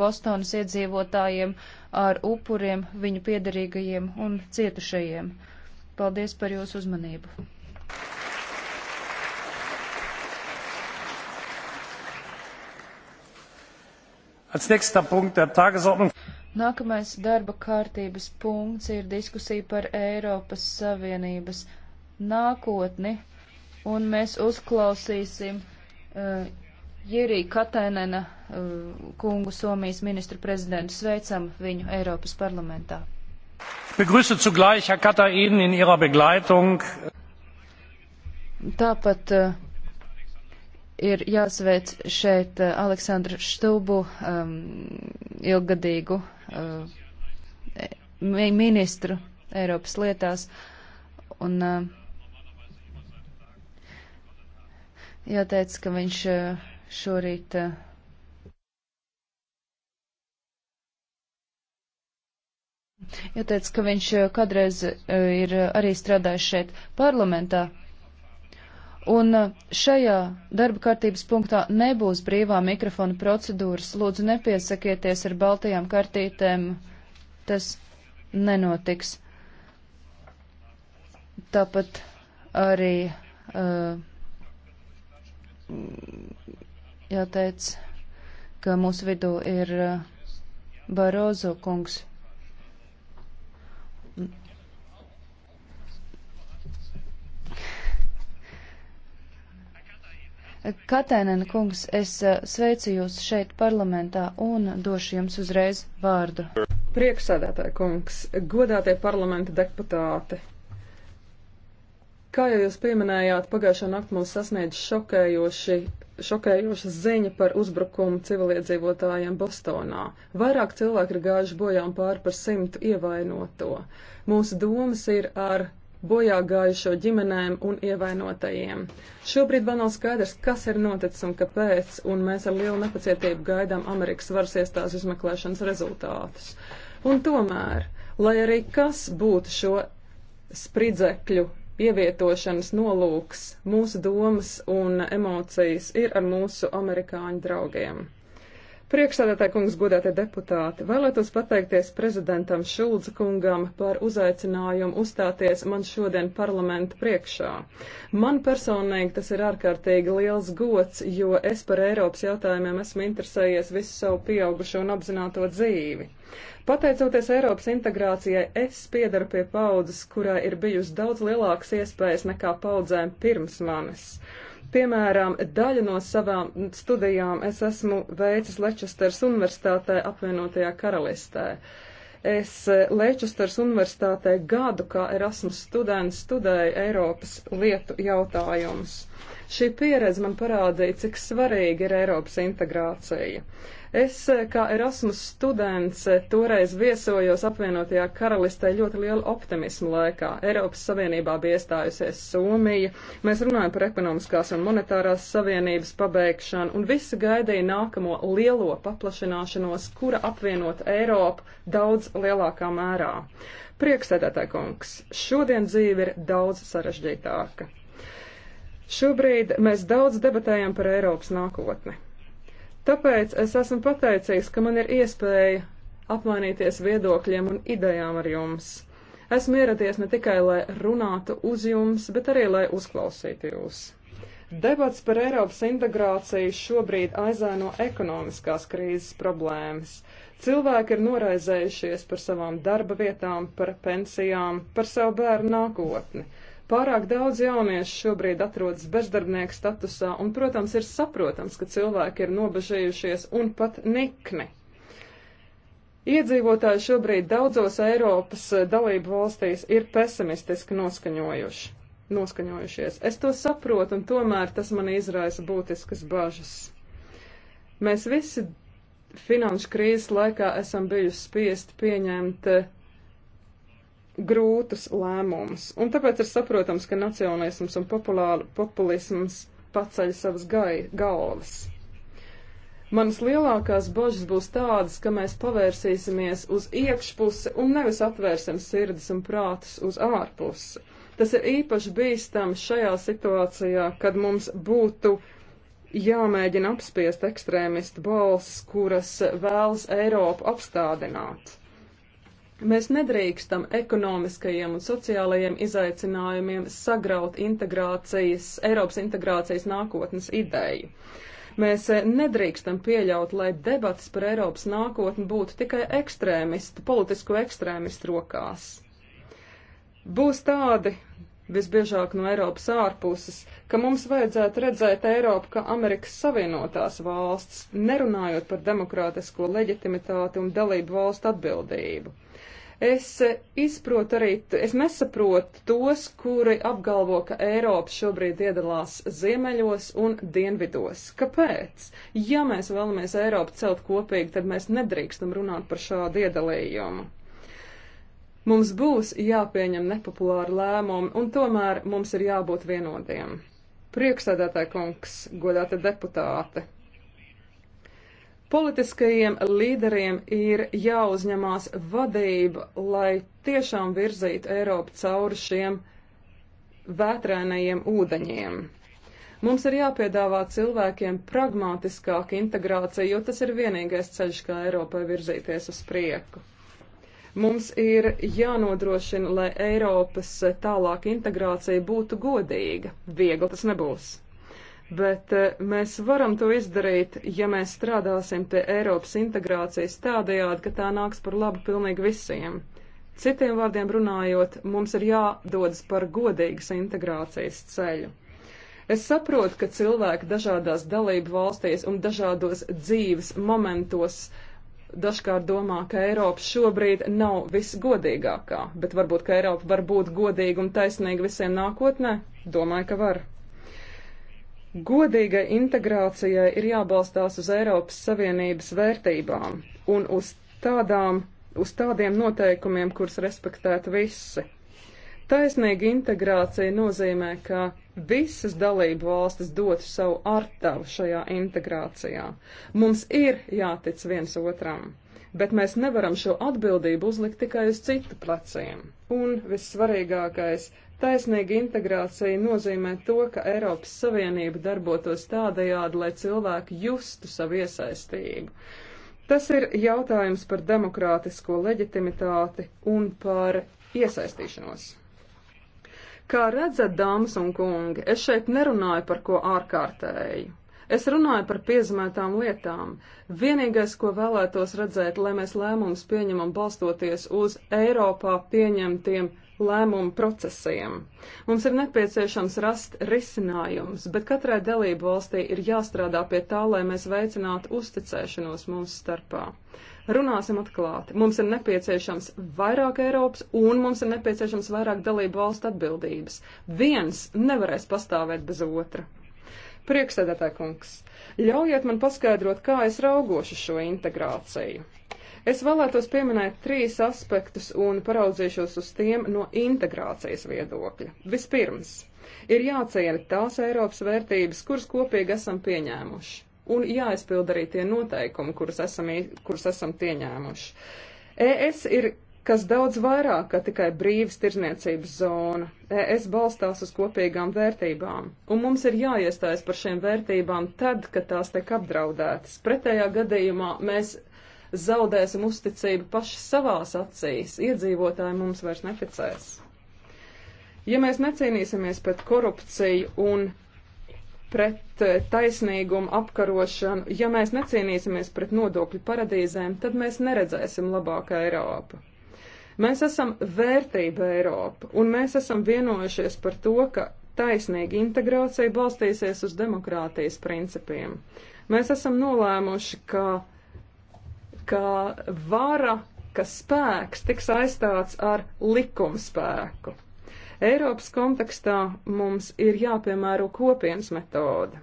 Bostonas iedzīvotājiem, ar upuriem, viņu piedarīgajiem un cietušajiem. Paldies par jūsu uzmanību! Als nächster Punkt der Tagesordnung. Nākamais darba kārtības punkts ir diskusija par Eiropas Savienības nākotni, un mēs uzklausīsim uh, Jirī Katainena eh, kungu Somijas ministru prezidentu sveicam viņu Eiropas parlamentā. Begrüße zugleich Herr Katainen in ihrer Begleitung. Tāpat uh, ir jāsveic šeit uh, Aleksandru Štubu, um, ilgadīgu uh, mi ministru Eiropas lietās. Un, uh, jāteic, ka viņš uh, šorīt. Eh, Jāteic, ka viņš eh, kādreiz eh, ir arī strādājis šeit parlamentā. Un šajā darba kārtības punktā nebūs brīvā mikrofona procedūras. Lūdzu, nepiesakieties ar baltajām kartītēm. Tas nenotiks. Tāpat arī. Uh, jāteic, ka mūsu vidū ir eh, Barozo kungs. Katainen kungs, es eh, sveicu jūs šeit parlamentā un došu jums uzreiz vārdu. Prieksēdētāji kungs, godātie parlamenta deputāti. Kā jau jūs pieminējāt, pagājušā naktī mūs sasniedz šokējoši šokējoša ziņa par uzbrukumu civiliedzīvotājiem Bostonā. Vairāk cilvēki ir gājuši bojā un pāri par simtu ievainoto. Mūsu domas ir ar bojā gājušo ģimenēm un ievainotajiem. Šobrīd vēl nav skaidrs, kas ir noticis un kāpēc, un mēs ar lielu nepacietību gaidām Amerikas varas iestāžu izmeklēšanas rezultātus. Un tomēr, lai arī kas būtu šo spridzekļu ievietošanas nolūks, mūsu domas un emocijas ir ar mūsu amerikāņu draugiem. Priekšsēdētāji kungs, godātie deputāti, vēlētos pateikties prezidentam Šulca kungam par uzaicinājumu uzstāties man šodien parlamenta priekšā. Man personīgi tas ir ārkārtīgi liels gods, jo es par Eiropas jautājumiem esmu interesējies visu savu pieaugušo un apzināto dzīvi. Pateicoties Eiropas integrācijai, es piedaru pie paudzes, kurai ir bijusi daudz lielākas iespējas nekā paudzēm pirms manis. Piemēram, daļu no savām studijām es esmu veicis Lečesters Universitātē apvienotajā karalistē. Es eh, Lečesters Universitātē gadu kā Erasmus students studēju Eiropas lietu jautājumus. Uh, Šī pieredze man parādīja, cik svarīga ir Eiropas integrācija. Es, kā Erasmus students, toreiz viesojos apvienotajā karalistē ļoti lielu optimismu laikā. Eiropas Savienībā bija iestājusies Somija, mēs runājam par ekonomiskās un monetārās savienības pabeigšanu, un visi gaidīja nākamo lielo paplašināšanos, kura apvienot Eiropu daudz lielākā mērā. Prieksēdētāji kungs, šodien dzīve ir daudz sarežģītāka. Šobrīd mēs daudz debatējam par Eiropas nākotni. Tāpēc es esmu pateicīgs, ka man ir iespēja apmainīties viedokļiem un idejām ar jums. Esmu ieradies ne tikai, lai runātu uz jums, bet arī, lai uzklausītu jūs. Debats par Eiropas integrāciju šobrīd aizēno ekonomiskās krīzes problēmas. Cilvēki ir noraizējušies par savām darba vietām, par pensijām, par savu bērnu nākotni. Pārāk daudz jauniešu šobrīd atrodas bezdarbnieku statusā, un, protams, ir saprotams, ka cilvēki ir nobežījušies un pat nikni. Iedzīvotāji šobrīd daudzos Eiropas dalību valstīs ir pesimistiski noskaņojuši, noskaņojušies. Es to saprotu, un tomēr tas man izraisa būtiskas bažas. Mēs visi finanšu krīzes laikā esam bijuši spiest pieņemt grūtus lēmumus. Un tāpēc ir saprotams, ka nacionālisms un populāru, populisms paceļ savas gai, galvas. Manas lielākās bažas būs tādas, ka mēs pavērsīsimies uz iekšpusi un nevis atvērsim sirdis un prātus uz ārpusi. Tas ir īpaši bīstami šajā situācijā, kad mums būtu jāmēģina apspiest ekstrēmistu balss, kuras vēlas Eiropu apstādināt. Mēs nedrīkstam ekonomiskajiem un sociālajiem izaicinājumiem sagraut integrācijas, Eiropas integrācijas nākotnes ideju. Mēs eh, nedrīkstam pieļaut, lai debatas par Eiropas nākotni būtu tikai ekstrēmistu, politisko ekstrēmistu rokās. Būs tādi, visbiežāk no Eiropas ārpuses, ka mums vajadzētu redzēt Eiropu kā Amerikas Savienotās valsts, nerunājot par demokrātisko leģitimitāti un dalību valstu atbildību. Es izprotu arī, es nesaprotu tos, kuri apgalvo, ka Eiropa šobrīd iedalās ziemeļos un dienvidos. Kāpēc? Ja mēs vēlamies Eiropu celt kopīgi, tad mēs nedrīkstam runāt par šādu iedalījumu. Mums būs jāpieņem nepopulāri lēmumi, un tomēr mums ir jābūt vienotiem. Priekšsēdētāja kungs, godāta deputāte, Politiskajiem līderiem ir jāuzņemās vadība, lai tiešām virzītu Eiropu cauri šiem vētrēnajiem ūdeņiem. Mums ir jāpiedāvā cilvēkiem pragmatiskāka integrācija, jo tas ir vienīgais ceļš, kā Eiropai virzīties uz prieku. Mums ir jānodrošina, lai Eiropas tālāka integrācija būtu godīga. Viegli tas nebūs bet eh, mēs varam to izdarīt, ja mēs strādāsim pie Eiropas integrācijas tādējādi, ka tā nāks par labu pilnīgi visiem. Citiem vārdiem runājot, mums ir jādodas par godīgas integrācijas ceļu. Es saprotu, ka cilvēki dažādās dalību valstīs un dažādos dzīves momentos dažkārt domā, ka Eiropa šobrīd nav visgodīgākā, bet varbūt, ka Eiropa var būt godīga un taisnīga visiem nākotnē? Domāju, ka var. Godīgai integrācijai ir jābalstās uz Eiropas Savienības vērtībām un uz, tādām, uz tādiem noteikumiem, kurus respektētu visi. Taisnīga integrācija nozīmē, ka visas dalību valstis dotu savu artavu šajā integrācijā. Mums ir jātic viens otram, bet mēs nevaram šo atbildību uzlikt tikai uz citu pleciem. Un vissvarīgākais Taisnīga integrācija nozīmē to, ka Eiropas Savienība darbotos tādajādi, lai cilvēki justu savu iesaistību. Tas ir jautājums par demokrātisko leģitimitāti un par iesaistīšanos. Kā redzat, dāmas un kungi, es šeit nerunāju par ko ārkārtēju. Es runāju par piezīmētām lietām. Vienīgais, ko vēlētos redzēt, lai mēs lēmumus pieņemam balstoties uz Eiropā pieņemtiem lēmumu procesiem. Mums ir nepieciešams rast risinājums, bet katrai dalību valstī ir jāstrādā pie tā, lai mēs veicinātu uzticēšanos mūsu starpā. Runāsim atklāti. Mums ir nepieciešams vairāk Eiropas un mums ir nepieciešams vairāk dalību valstu atbildības. Viens nevarēs pastāvēt bez otra. Prieksēdētāj kungs, ļaujiet man paskaidrot, kā es raugošu šo integrāciju. Es vēlētos pieminēt trīs aspektus un paraudzīšos uz tiem no integrācijas viedokļa. Vispirms, ir jāciena tās Eiropas vērtības, kuras kopīgi esam pieņēmuši, un jāizpild arī tie noteikumi, kurus esam, kurus esam pieņēmuši. ES ir kas daudz vairāk, ka tikai brīvas tirzniecības zona. ES balstās uz kopīgām vērtībām, un mums ir jāiestājas par šiem vērtībām tad, kad tās tiek apdraudētas. Pretējā gadījumā mēs zaudēsim uzticību paši savās acīs. Iedzīvotāji mums vairs neticēs. Ja mēs necīnīsimies pret korupciju un pret eh, taisnīgumu apkarošanu, ja mēs necīnīsimies pret nodokļu paradīzēm, tad mēs neredzēsim labāku Eiropu. Mēs esam vērtība Eiropa, un mēs esam vienojušies par to, ka taisnīga integrācija balstīsies uz demokrātijas principiem. Mēs esam nolēmuši, ka ka vara, ka spēks tiks aizstāts ar likumspēku. Eiropas kontekstā mums ir jāpiemēro kopienas metode.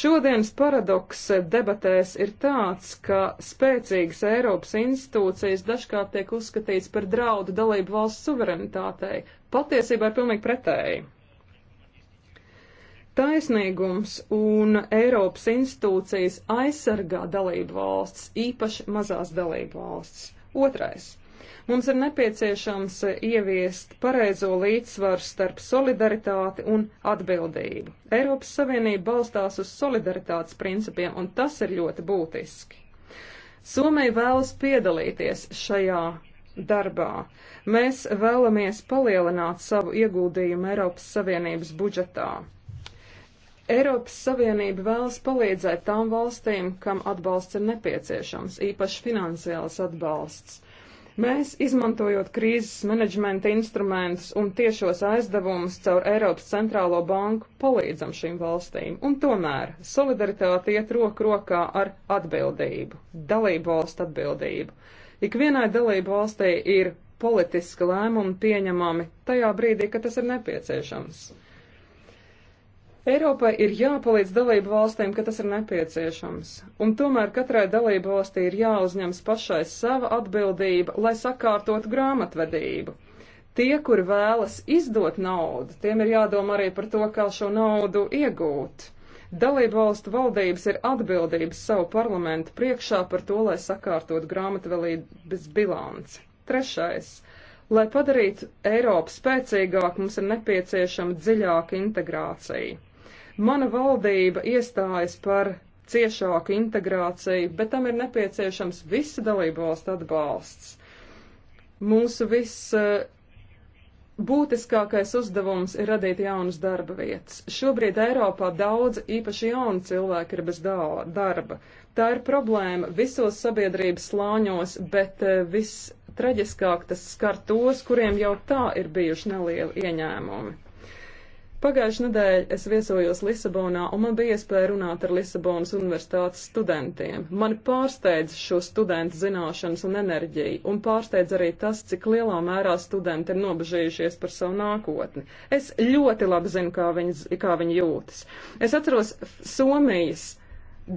Šodienas paradoks debatēs ir tāds, ka spēcīgas Eiropas institūcijas dažkārt tiek uzskatīts par draudu dalību valsts suverenitātei. Patiesībā ir pilnīgi pretēji. Taisnīgums un Eiropas institūcijas aizsargā dalību valsts, īpaši mazās dalību valsts. Otrais. Mums ir nepieciešams ieviest pareizo līdzsvaru starp solidaritāti un atbildību. Eiropas Savienība balstās uz solidaritātes principiem, un tas ir ļoti būtiski. Somija vēlas piedalīties šajā darbā. Mēs vēlamies palielināt savu ieguldījumu Eiropas Savienības budžetā. Eiropas Savienība vēlas palīdzēt tām valstīm, kam atbalsts ir nepieciešams, īpaši finansiāls atbalsts. Mēs, izmantojot krīzes menedžmenta instrumentus un tiešos aizdevumus caur Eiropas centrālo banku, palīdzam šīm valstīm. Un tomēr solidaritāte iet roku rokā ar atbildību, dalību valstu atbildību. Ikvienai dalību valstī ir politiska lēmuma pieņemami tajā brīdī, kad tas ir nepieciešams. Eiropai ir jāpalīdz dalību valstīm, ka tas ir nepieciešams, un tomēr katrai dalību valstī ir jāuzņems pašai sava atbildība, lai sakārtotu grāmatvedību. Tie, kuri vēlas izdot naudu, tiem ir jādomā arī par to, kā šo naudu iegūt. Dalību valstu valdības ir atbildības savu parlamentu priekšā par to, lai sakārtotu grāmatvedības bilanci. Trešais. Lai padarītu Eiropu spēcīgāku, mums ir nepieciešama dziļāka integrācija. Mana valdība iestājas par ciešāku integrāciju, bet tam ir nepieciešams visu dalību valstu atbalsts. Mūsu viss eh, būtiskākais uzdevums ir radīt jaunas darba vietas. Šobrīd Eiropā daudz īpaši jauni cilvēki ir bez darba. Tā ir problēma visos sabiedrības slāņos, bet eh, viss traģiskāk tas skar tos, kuriem jau tā ir bijuši nelieli ieņēmumi. Pagājušajā nedēļā es viesojos Lisabonā, un man bija iespēja runāt ar Lisabonas universitātes studentiem. Mani pārsteidz šo studentu zināšanas un enerģija, un pārsteidz arī tas, cik lielā mērā studenti ir nobežījušies par savu nākotni. Es ļoti labi zinu, kā viņi, kā viņi jūtas. Es atceros Somijas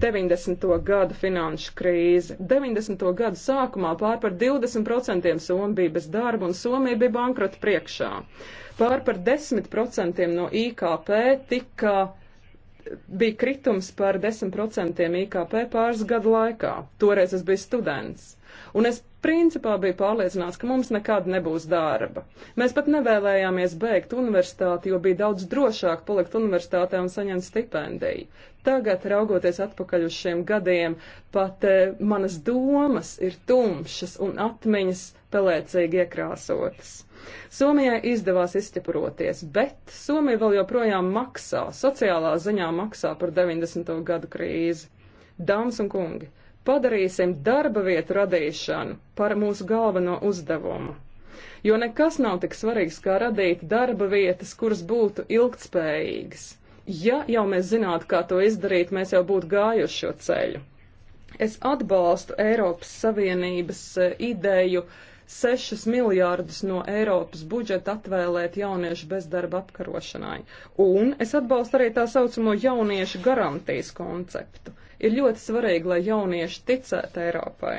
90. gadu finanšu krīzi. 90. gadu sākumā pār par 20% Somija bija bez darba, un Somija bija bankrota priekšā. Pār par 10% no IKP tika, bija kritums par 10% IKP pāris gadu laikā. Toreiz es biju students. Un es principā biju pārliecināts, ka mums nekad nebūs darba. Mēs pat nevēlējāmies beigt universitāti, jo bija daudz drošāk palikt universitātē un saņemt stipendiju. Tagad, raugoties atpakaļ uz šiem gadiem, pat e, manas domas ir tumšas un atmiņas pelēcīgi iekrāsotas. Somijai izdevās izķepuroties, bet Somija vēl joprojām maksā, sociālā ziņā maksā par 90. gadu krīzi. Dāmas un kungi, padarīsim darba vietu radīšanu par mūsu galveno uzdevumu. Jo nekas nav tik svarīgs, kā radīt darba vietas, kuras būtu ilgtspējīgas. Ja jau mēs zinātu, kā to izdarīt, mēs jau būtu gājuši šo ceļu. Es atbalstu Eiropas Savienības eh, ideju uh, 6 miljārdus no Eiropas budžeta atvēlēt jauniešu bezdarba apkarošanai. Un es atbalstu arī tā saucamo jauniešu garantijas konceptu. Ir ļoti svarīgi, lai jaunieši ticētu Eiropai.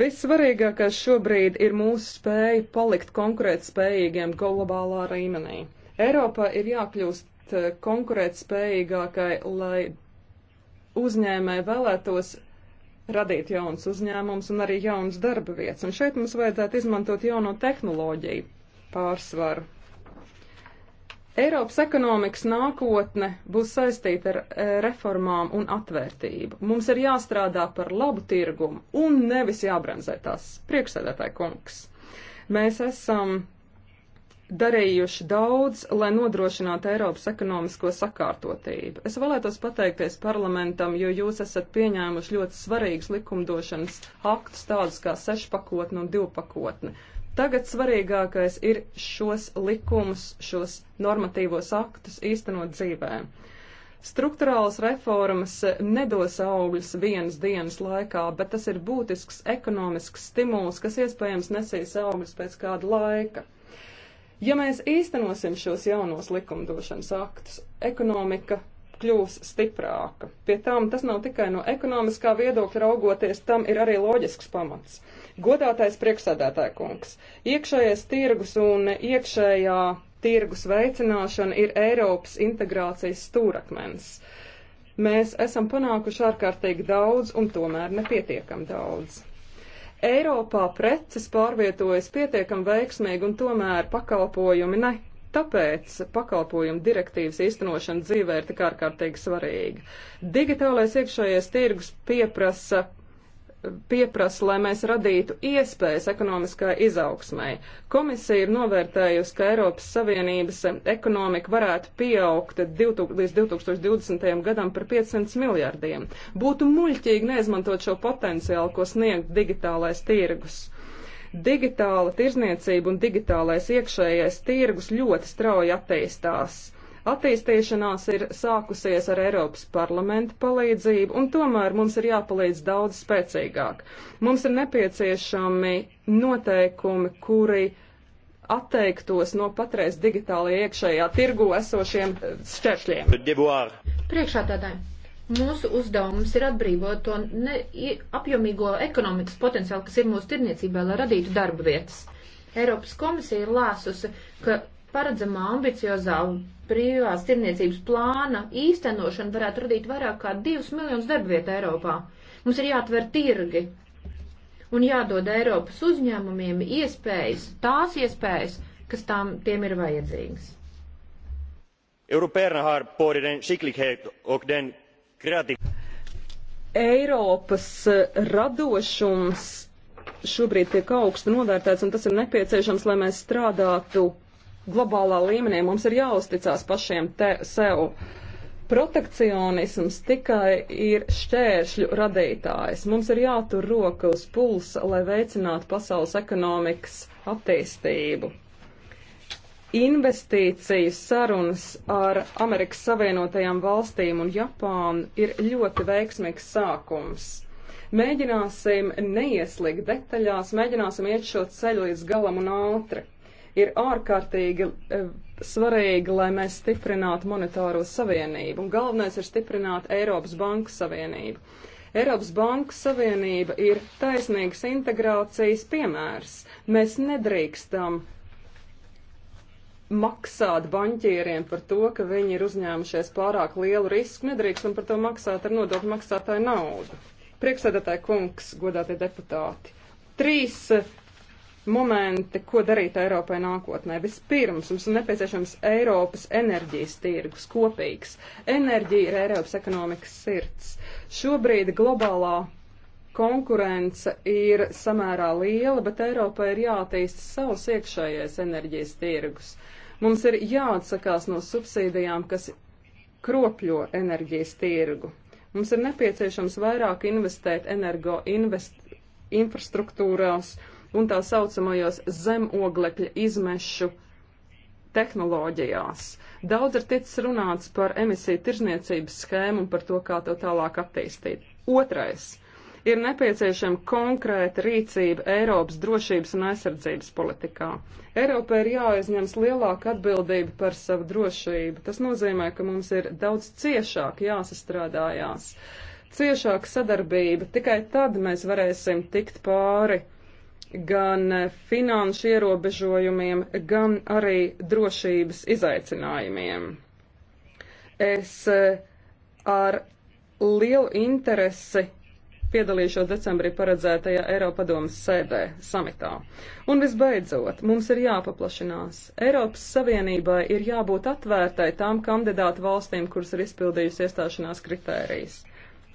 Vissvarīgākais šobrīd ir mūsu spēja palikt konkurētspējīgiem globālā līmenī. Eiropā ir jākļūst eh, konkurētspējīgākai, lai uzņēmēji vēlētos radīt jaunas uzņēmumus un arī jaunas darba vietas. Un šeit mums vajadzētu izmantot jauno tehnoloģiju pārsvaru. Eiropas ekonomikas nākotne būs saistīta ar eh, reformām un atvērtību. Mums ir jāstrādā par labu tirgumu un nevis jābremzē tās priekšsēdētāja kungs. Mēs esam darījuši daudz, lai nodrošinātu Eiropas ekonomisko sakārtotību. Es vēlētos pateikties parlamentam, jo jūs esat pieņēmuši ļoti svarīgus likumdošanas aktus, tādus kā sešpakotne un divpakotne. Tagad svarīgākais ir šos likumus, šos normatīvos aktus īstenot dzīvē. Struktūrālas reformas nedos augļus vienas dienas laikā, bet tas ir būtisks ekonomisks stimuls, kas iespējams nesīs augļus pēc kāda laika. Ja mēs īstenosim šos jaunos likumdošanas aktus, ekonomika kļūs stiprāka. Pie tām tas nav tikai no ekonomiskā viedokļa raugoties, tam ir arī loģisks pamats. Godātais priekšsēdētāja kungs, iekšējais tirgus un iekšējā tirgus veicināšana ir Eiropas integrācijas stūrakmens. Mēs esam panākuši ārkārtīgi daudz un tomēr nepietiekam daudz. Eiropā preces pārvietojas pietiekami veiksmīgi un tomēr pakalpojumi ne. Tāpēc pakalpojumu direktīvas īstenošana dzīvē ir tik ārkārtīgi svarīga. Digitālais iekšējais tirgus pieprasa pieprasa, lai mēs radītu iespējas ekonomiskai izaugsmai. Komisija ir novērtējusi, ka Eiropas Savienības ekonomika varētu pieaugt 2000, līdz 2020. gadam par 500 miljardiem. Būtu muļķīgi neizmantot šo potenciālu, ko sniegt digitālais tirgus. Digitāla tirzniecība un digitālais iekšējais tirgus ļoti strauji attīstās Attīstīšanās ir sākusies ar Eiropas parlamenta palīdzību, un tomēr mums ir jāpalīdz daudz spēcīgāk. Mums ir nepieciešami noteikumi, kuri atteiktos no patreiz digitālajā iekšējā tirgu esošiem eh, šķēršļiem. Priekšā tādai. Mūsu uzdevums ir atbrīvot to ne, apjomīgo ekonomikas potenciālu, kas ir mūsu tirniecībā, lai radītu darba vietas. Eiropas komisija ir lēsusi, ka paredzamā ambiciozā privās tirniecības plāna īstenošana varētu radīt vairāk kā 2 miljonus darba vietu Eiropā. Mums ir jāatver tirgi un jādod Eiropas uzņēmumiem iespējas, tās iespējas, kas tām, tiem ir vajadzīgas. Europeerna har både den skicklighet och den kreativitet. Eiropas eh, radošums šobrīd tiek augstu novērtēts, un tas ir nepieciešams, lai mēs strādātu globālā līmenī mums ir jāuzticās pašiem te, sev. Protekcionisms tikai ir šķēršļu radītājs. Mums ir jātur roka uz pulsa, lai veicinātu pasaules ekonomikas attīstību. Investīciju sarunas ar Amerikas Savienotajām valstīm un Japānu ir ļoti veiksmīgs sākums. Mēģināsim neieslīgt detaļās, mēģināsim iet šo ceļu līdz galam un ātri ir ārkārtīgi e, svarīgi, lai mēs stiprinātu monetāro savienību, un galvenais ir stiprināt Eiropas Banku Savienību. Eiropas Banku Savienība ir taisnīgas integrācijas piemērs. Mēs nedrīkstam maksāt baņķieriem par to, ka viņi ir uzņēmušies pārāk lielu risku, nedrīkstam par to maksāt ar nodokļu maksātāju naudu. Priekšsēdētāji kungs, godātie deputāti, trīs momenti, ko darīt Eiropai nākotnē. Vispirms mums ir nepieciešams Eiropas enerģijas tirgus kopīgs. Enerģija ir Eiropas ekonomikas sirds. Šobrīd globālā konkurence ir samērā liela, bet Eiropai ir jātīst savs iekšējais enerģijas tirgus. Mums ir jāatsakās no subsīdijām, kas kropļo enerģijas tirgu. Mums ir nepieciešams vairāk investēt energo invest, infrastruktūrās, uh, un tā saucamajos zemoglekļa izmešu tehnoloģijās. Daudz ir ticis runāts par emisiju tirzniecības schēmu un par to, kā to tālāk attīstīt. Otrais. Ir nepieciešama konkrēta rīcība Eiropas drošības un aizsardzības politikā. Eiropai ir jāaizņems lielāka atbildība par savu drošību. Tas nozīmē, ka mums ir daudz ciešāk jāsastrādājās. Ciešāka sadarbība tikai tad mēs varēsim tikt pāri gan finanšu ierobežojumiem, gan arī drošības izaicinājumiem. Es eh, ar lielu interesi piedalīšos decembrī paredzētajā Eiropadomas sēdē, samitā. Un visbeidzot, mums ir jāpaplašinās. Eiropas Savienībai ir jābūt atvērtai tām kandidātu valstīm, kuras ir izpildījusi iestāšanās kritērijas.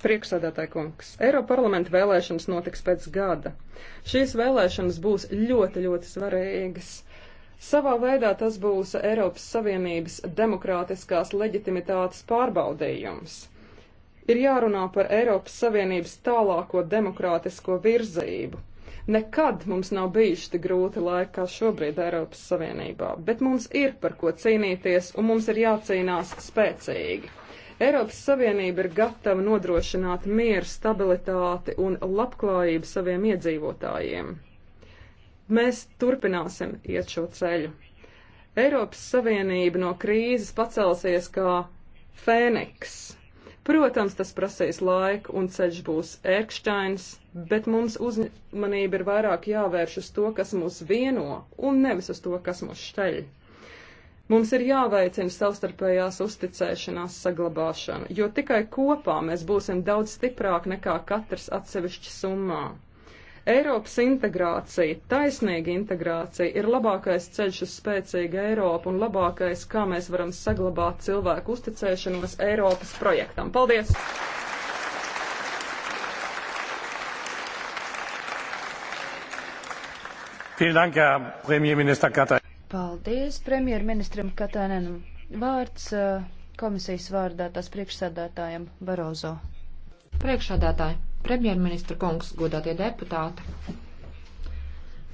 Priekšsēdētāji kungs, Eiropa parlamenta vēlēšanas notiks pēc gada. Šīs vēlēšanas būs ļoti, ļoti svarīgas. Savā veidā tas būs Eiropas Savienības demokrātiskās leģitimitātes pārbaudījums. Ir jārunā par Eiropas Savienības tālāko demokrātisko virzību. Nekad mums nav bijuši tik grūti laiki kā šobrīd Eiropas Savienībā, bet mums ir par ko cīnīties un mums ir jācīnās spēcīgi. Eiropas Savienība ir gatava nodrošināt mieru, stabilitāti un labklājību saviem iedzīvotājiem. Mēs turpināsim iet šo ceļu. Eiropas Savienība no krīzes pacelsies kā fēniks. Protams, tas prasīs laiku un ceļš būs ērkšķains, bet mums uzmanība ir vairāk jāvērš uz to, kas mūs vieno, un nevis uz to, kas mūs šķeļ. Mums ir jāveicina savstarpējās uzticēšanās saglabāšana, jo tikai kopā mēs būsim daudz stiprāki nekā katrs atsevišķi summā. Eiropas integrācija, taisnīga integrācija ir labākais ceļš uz spēcīgu Eiropu un labākais, kā mēs varam saglabāt cilvēku uzticēšanos Eiropas projektam. Paldies! Vielen Dank, Herr Premierminister Katajs. Paldies premjerministram Katainenam. Vārds eh, komisijas vārdā tās priekšsādātājiem Barozo. Priekšsādātāji, premjerministra kungs, godātie deputāti.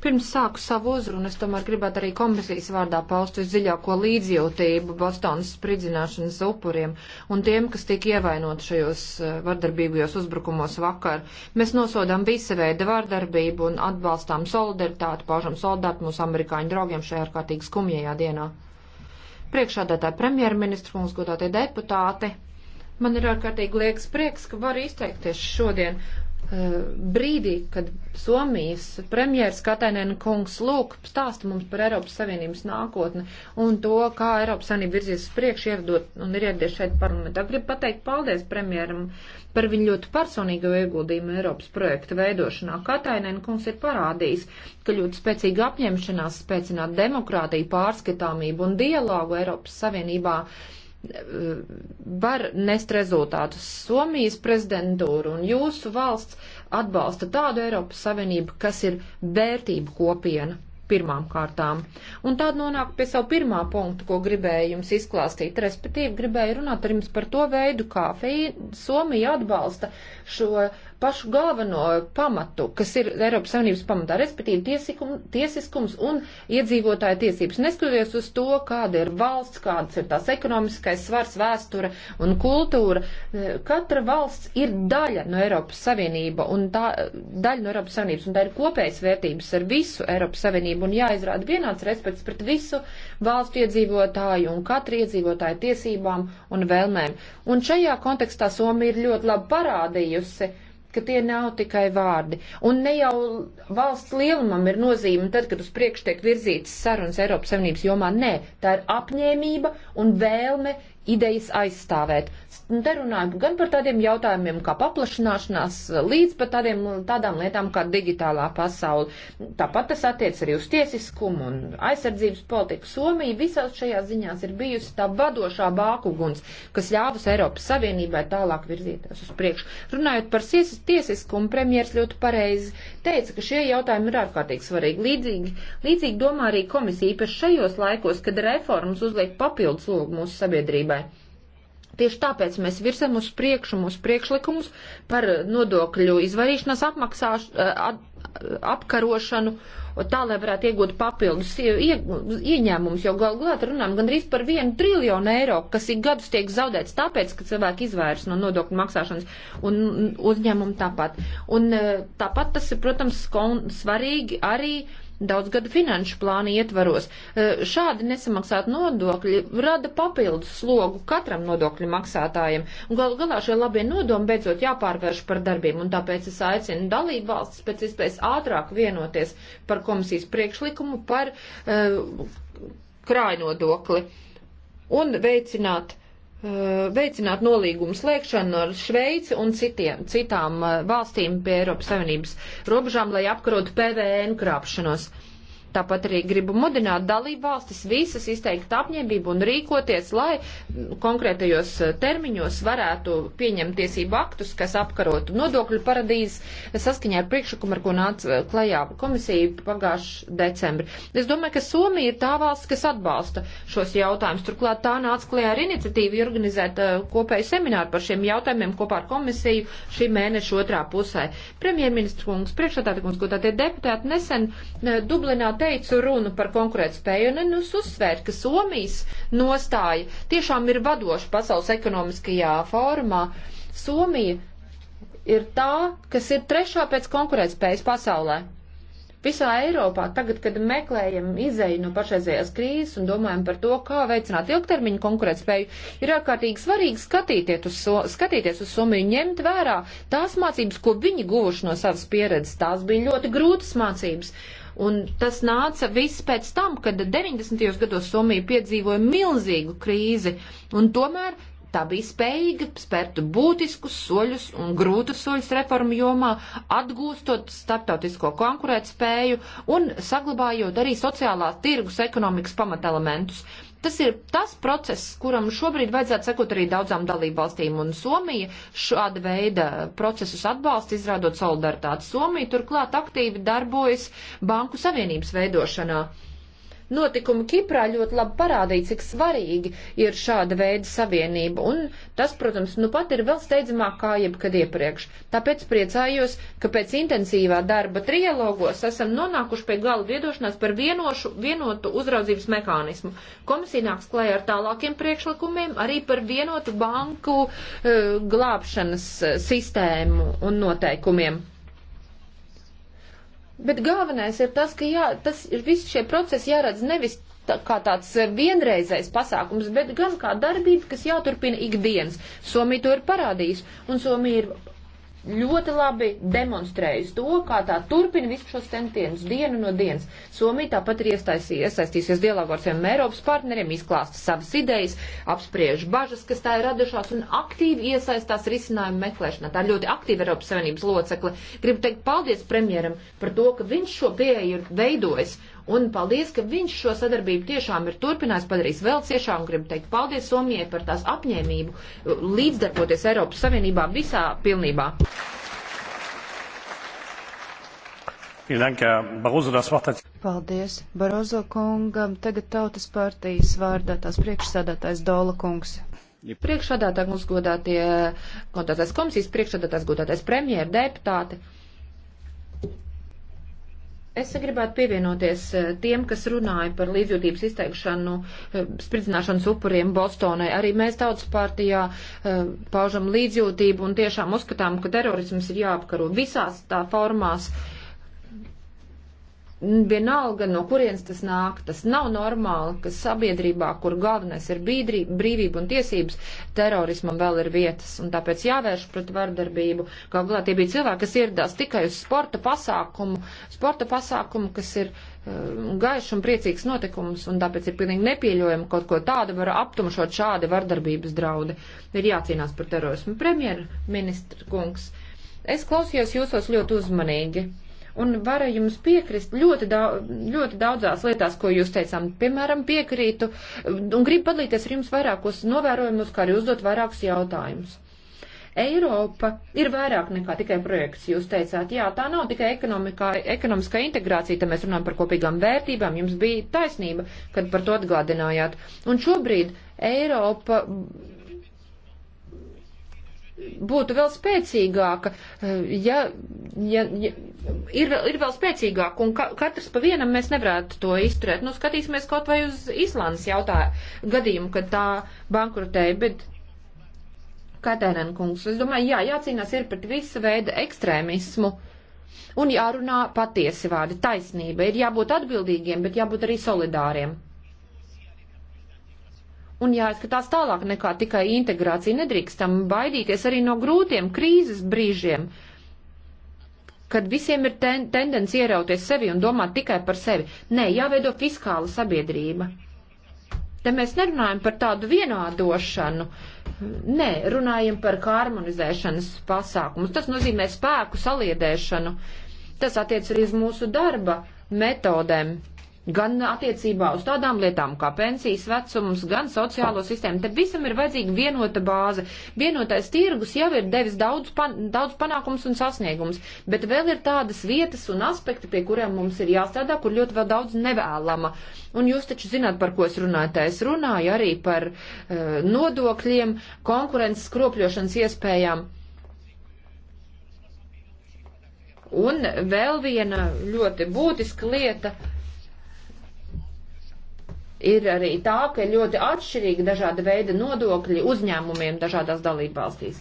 Pirms sāku savu uzrunu, es tomēr gribētu arī komisijas vārdā paust visdziļāko līdzjūtību Bostonas spridzināšanas upuriem un tiem, kas tika ievainoti šajos eh, vardarbīgajos uzbrukumos vakar. Mēs nosodām visa veida vardarbību un atbalstām solidaritāti, paužam solidaritāti mūsu amerikāņu draugiem šajā ārkārtīgi skumjajā dienā. Priekšādātāji premjerministri, mums godātie deputāti, Man ir ārkārtīgi lieks prieks, ka var izteikties šodien Eh, brīdī, kad Somijas premjeras Katainēna kungs lūk stāsta mums par Eiropas Savienības nākotni un to, kā Eiropas Savienība virzies uz priekšu, ievadot un ir ieradies šeit parlamentā. Gribu pateikt paldies premjeram par viņu ļoti personīgo ieguldījumu Eiropas projekta veidošanā. Katainēna kungs ir parādījis, ka ļoti spēcīga apņemšanās spēcināt demokrātiju, pārskatāmību un dialogu Eiropas Savienībā. Uh, var nest rezultātus. Somijas prezidentūra un jūsu valsts atbalsta tādu Eiropas Savienību, kas ir vērtību kopiena pirmām kārtām. Un tad nonāk pie savu pirmā punktu, ko gribēju jums izklāstīt, respektīvi gribēju runāt ar jums par to veidu, kā Somija atbalsta šo pašu galveno pamatu, kas ir Eiropas Savienības pamatā, respektīvi tiesikum, tiesiskums un iedzīvotāja tiesības. Neskatoties uz to, kāda ir valsts, kāds ir tās ekonomiskais svars, vēsture un kultūra, e, katra valsts ir daļa no Eiropas Savienība un tā, daļa no Eiropas Savienības, un tā ir kopējas vērtības ar visu Eiropas Savienību, un jāizrāda vienāds respekts pret visu valstu iedzīvotāju un katru iedzīvotāju tiesībām un vēlmēm. Un šajā kontekstā Somija ir ļoti labi parādījusi, ka tie nav tikai vārdi. Un ne jau valsts lielumam ir nozīme tad, kad uz priekšu tiek virzītas sarunas Eiropas Savienības jomā. Nē, tā ir apņēmība un vēlme idejas aizstāvēt. Te runājam gan par tādiem jautājumiem kā paplašināšanās, līdz pat tādiem, tādām lietām kā digitālā pasaule. Tāpat tas attiec arī uz tiesiskumu un aizsardzības politiku. Somija visās šajās ziņās ir bijusi tā vadošā bākuguns, kas ļāvus Eiropas Savienībai tālāk virzīties uz priekšu. Runājot par tiesiskumu, premjers ļoti pareizi teica, ka šie jautājumi ir ārkārtīgi svarīgi. Līdzīgi, līdzīgi domā arī komisija, īpaši šajos laikos, kad reformas uzliek papildus logu mūsu sabiedrībai nozarē. Tieši tāpēc mēs virsam uz priekšu mūsu priekšlikumus par nodokļu izvairīšanās apmaksāš, apkarošanu, tā lai varētu iegūt papildus ie, ieņēmumus, jo galu galā runām gandrīz par vienu triljonu eiro, kas ik gadus tiek zaudēts tāpēc, ka cilvēki izvairs no nodokļu maksāšanas un uzņēmumu tāpat. Un e, tāpat tas ir, protams, kon, svarīgi arī daudzgada finanšu plāna ietvaros. E, šādi nesamaksāt nodokļi rada papildus slogu katram nodokļu maksātājiem. Gal galā šie labie nodomi beidzot jāpārvērš par darbiem, un tāpēc es aicinu dalību valsts pēc iespējas ātrāk vienoties par komisijas priekšlikumu par uh, krājnodokli un veicināt uh, Eh, veicināt nolīgumu slēgšanu ar Šveici un citiem, citām eh, valstīm pie Eiropas Savienības robežām, lai apkarotu PVN krāpšanos. Uh, Tāpat arī gribu mudināt dalību valstis visas izteikt apņēmību un rīkoties, lai konkrētajos eh, termiņos varētu pieņemt tiesību aktus, kas apkarotu nodokļu paradīzes saskaņā ar priekšlikumu, ar ko nāca klajā komisija pagājušā decembri. Es domāju, ka Somija ir tā valsts, kas atbalsta šos jautājumus. Turklāt tā nāca klajā ar iniciatīvu organizēt eh, kopēju semināru par šiem jautājumiem kopā ar komisiju šī mēneša otrā pusē. Premjerministra kungs, priekšsādātā kungs, godātie deputāti, nesen eh, Dublinā teicu runu par konkurētspēju, un es uzsvēru, ka Somijas nostāja tiešām ir vadoša pasaules ekonomiskajā formā. Somija ir tā, kas ir trešā pēc konkurētspējas pasaulē. Visā Eiropā tagad, kad meklējam izēju no pašreizējās krīzes un domājam par to, kā veicināt ilgtermiņu konkurētspēju, ir ārkārtīgi svarīgi skatīties uz, so, skatīties uz Somiju, ņemt vērā tās mācības, ko viņi guvuši no savas pieredzes. Tās bija ļoti grūtas mācības, Un tas nāca viss pēc tam, kad 90. gados Somija piedzīvoja milzīgu krīzi. Un tomēr tā bija spējīga spērt būtiskus soļus un grūtus soļus reformu jomā, atgūstot starptautisko konkurētspēju un saglabājot arī sociālā tirgus ekonomikas pamatelementus. Tas ir tas process, kuram šobrīd vajadzētu sekot arī daudzām dalībvalstīm, un Somija šāda veida procesus atbalsta, izrādot solidaritāti. Somija turklāt aktīvi darbojas Banku Savienības veidošanā. Notikumi Kiprā ļoti labi parādīja, cik svarīgi ir šāda veida savienība, un tas, protams, nu pat ir vēl steidzamāk kā jebkad iepriekš. Tāpēc priecājos, ka pēc intensīvā darba trialogos esam nonākuši pie gala viedošanās par vienošu, vienotu uzraudzības mehānismu. Komisija nāks klajā ar tālākiem priekšlikumiem arī par vienotu banku uh, glābšanas eh, sistēmu un noteikumiem. Bet galvenais ir tas, ka jā, tas ir visi šie procesi jāredz nevis tā, kā tāds vienreizējs pasākums, bet gan kā darbība, kas jāturpina ikdienas. Somija to ir parādījusi, un Somija ir ļoti labi demonstrējusi to, kā tā turpina visus šos centienus dienu no dienas. Somija tāpat ir iesaistījusies dialogā ar saviem Eiropas partneriem, izklāsta savas idejas, apspriež bažas, kas tā ir radušās un aktīvi iesaistās risinājumu meklēšanā. Tā ir ļoti aktīva Eiropas Savienības locekle. Gribu teikt paldies premjeram par to, ka viņš šo pieeju ir veidojis Un paldies, ka viņš šo sadarbību tiešām ir turpinājis, padarījis vēl ciešāk un gribu teikt paldies Somijai par tās apņēmību uh, līdzdarboties Eiropas Savienībā visā pilnībā. Paldies Barozo kungam. Tagad tautas partijas vārdā tās priekšsādātājs Dola kungs. Priekšsādātājs godātie, godātais komisijas priekšsādātājs godātais premjera deputāti. Es gribētu pievienoties eh, tiem, kas runāja par līdzjūtības izteikšanu eh, spridzināšanas upuriem Bostonai. Arī mēs tautas partijā eh, paužam līdzjūtību un tiešām uzskatām, ka terorisms ir jāapkaro visās tā formās. Uh, vienalga, no kurienes tas nāk, tas nav normāli, ka sabiedrībā, kur galvenais ir bīdrība, brīvība un tiesības, terorismam vēl ir vietas, un tāpēc jāvērš pret vardarbību. Galu galā tie bija cilvēki, kas ieradās tikai uz sporta pasākumu, sporta pasākumu, kas ir uh, gaišs un priecīgs notikums, un tāpēc ir pilnīgi nepieļojama kaut ko tādu var aptumšot šādi vardarbības draudi. Ir jācīnās par terorismu. Premjerministra kungs, es klausījos jūsos ļoti uzmanīgi un varu jums piekrist ļoti, daudz, ļoti daudzās lietās, ko jūs teicām. Piemēram, piekrītu un gribu padalīties ar jums vairākos novērojumus, kā arī uzdot vairākus jautājumus. Eiropa ir vairāk nekā tikai projekts, jūs teicāt. Jā, tā nav tikai ekonomiskā integrācija, tad mēs runājam par kopīgām vērtībām. Jums bija taisnība, kad par to atgādinājāt. Un šobrīd Eiropa būtu vēl spēcīgāka, eh, ja, ja, ja ir, ir vēl spēcīgāka, un ka, katrs pa vienam mēs nevarētu to izturēt. Nu, skatīsimies kaut vai uz Islandas jautājumu gadījumu, kad tā bankrutēja, bet Katēnen kungs, es domāju, jā, jācīnās ir pret visu veidu ekstrēmismu. Un jārunā patiesi vārdi, taisnība, ir jābūt atbildīgiem, bet jābūt arī solidāriem. Un jāskatās tālāk nekā tikai integrācija. Nedrīkstam baidīties arī no grūtiem krīzes brīžiem, kad visiem ir ten, tendence ierauties sevi un domāt tikai par sevi. Nē, jāveido fiskāla sabiedrība. Te mēs nerunājam par tādu vienādošanu, nē, runājam par harmonizēšanas pasākumus. Tas nozīmē spēku saliedēšanu. Tas attiec arī uz mūsu darba metodēm gan attiecībā uz tādām lietām kā pensijas vecums, gan sociālo sistēmu. Te visam ir vajadzīga vienota bāze. Vienotais tirgus jau ir devis daudz, pan, daudz panākums un sasniegums, bet vēl ir tādas vietas un aspekti, pie kuriem mums ir jāstrādā, kur ļoti vēl daudz nevēlama. Un jūs taču zināt, par ko es runāju. Tā es runāju arī par uh, nodokļiem, konkurences kropļošanas iespējām. Un vēl viena ļoti būtiska lieta ir arī tā, ka ir ļoti atšķirīgi dažāda veida nodokļi uzņēmumiem dažādās dalībvalstīs.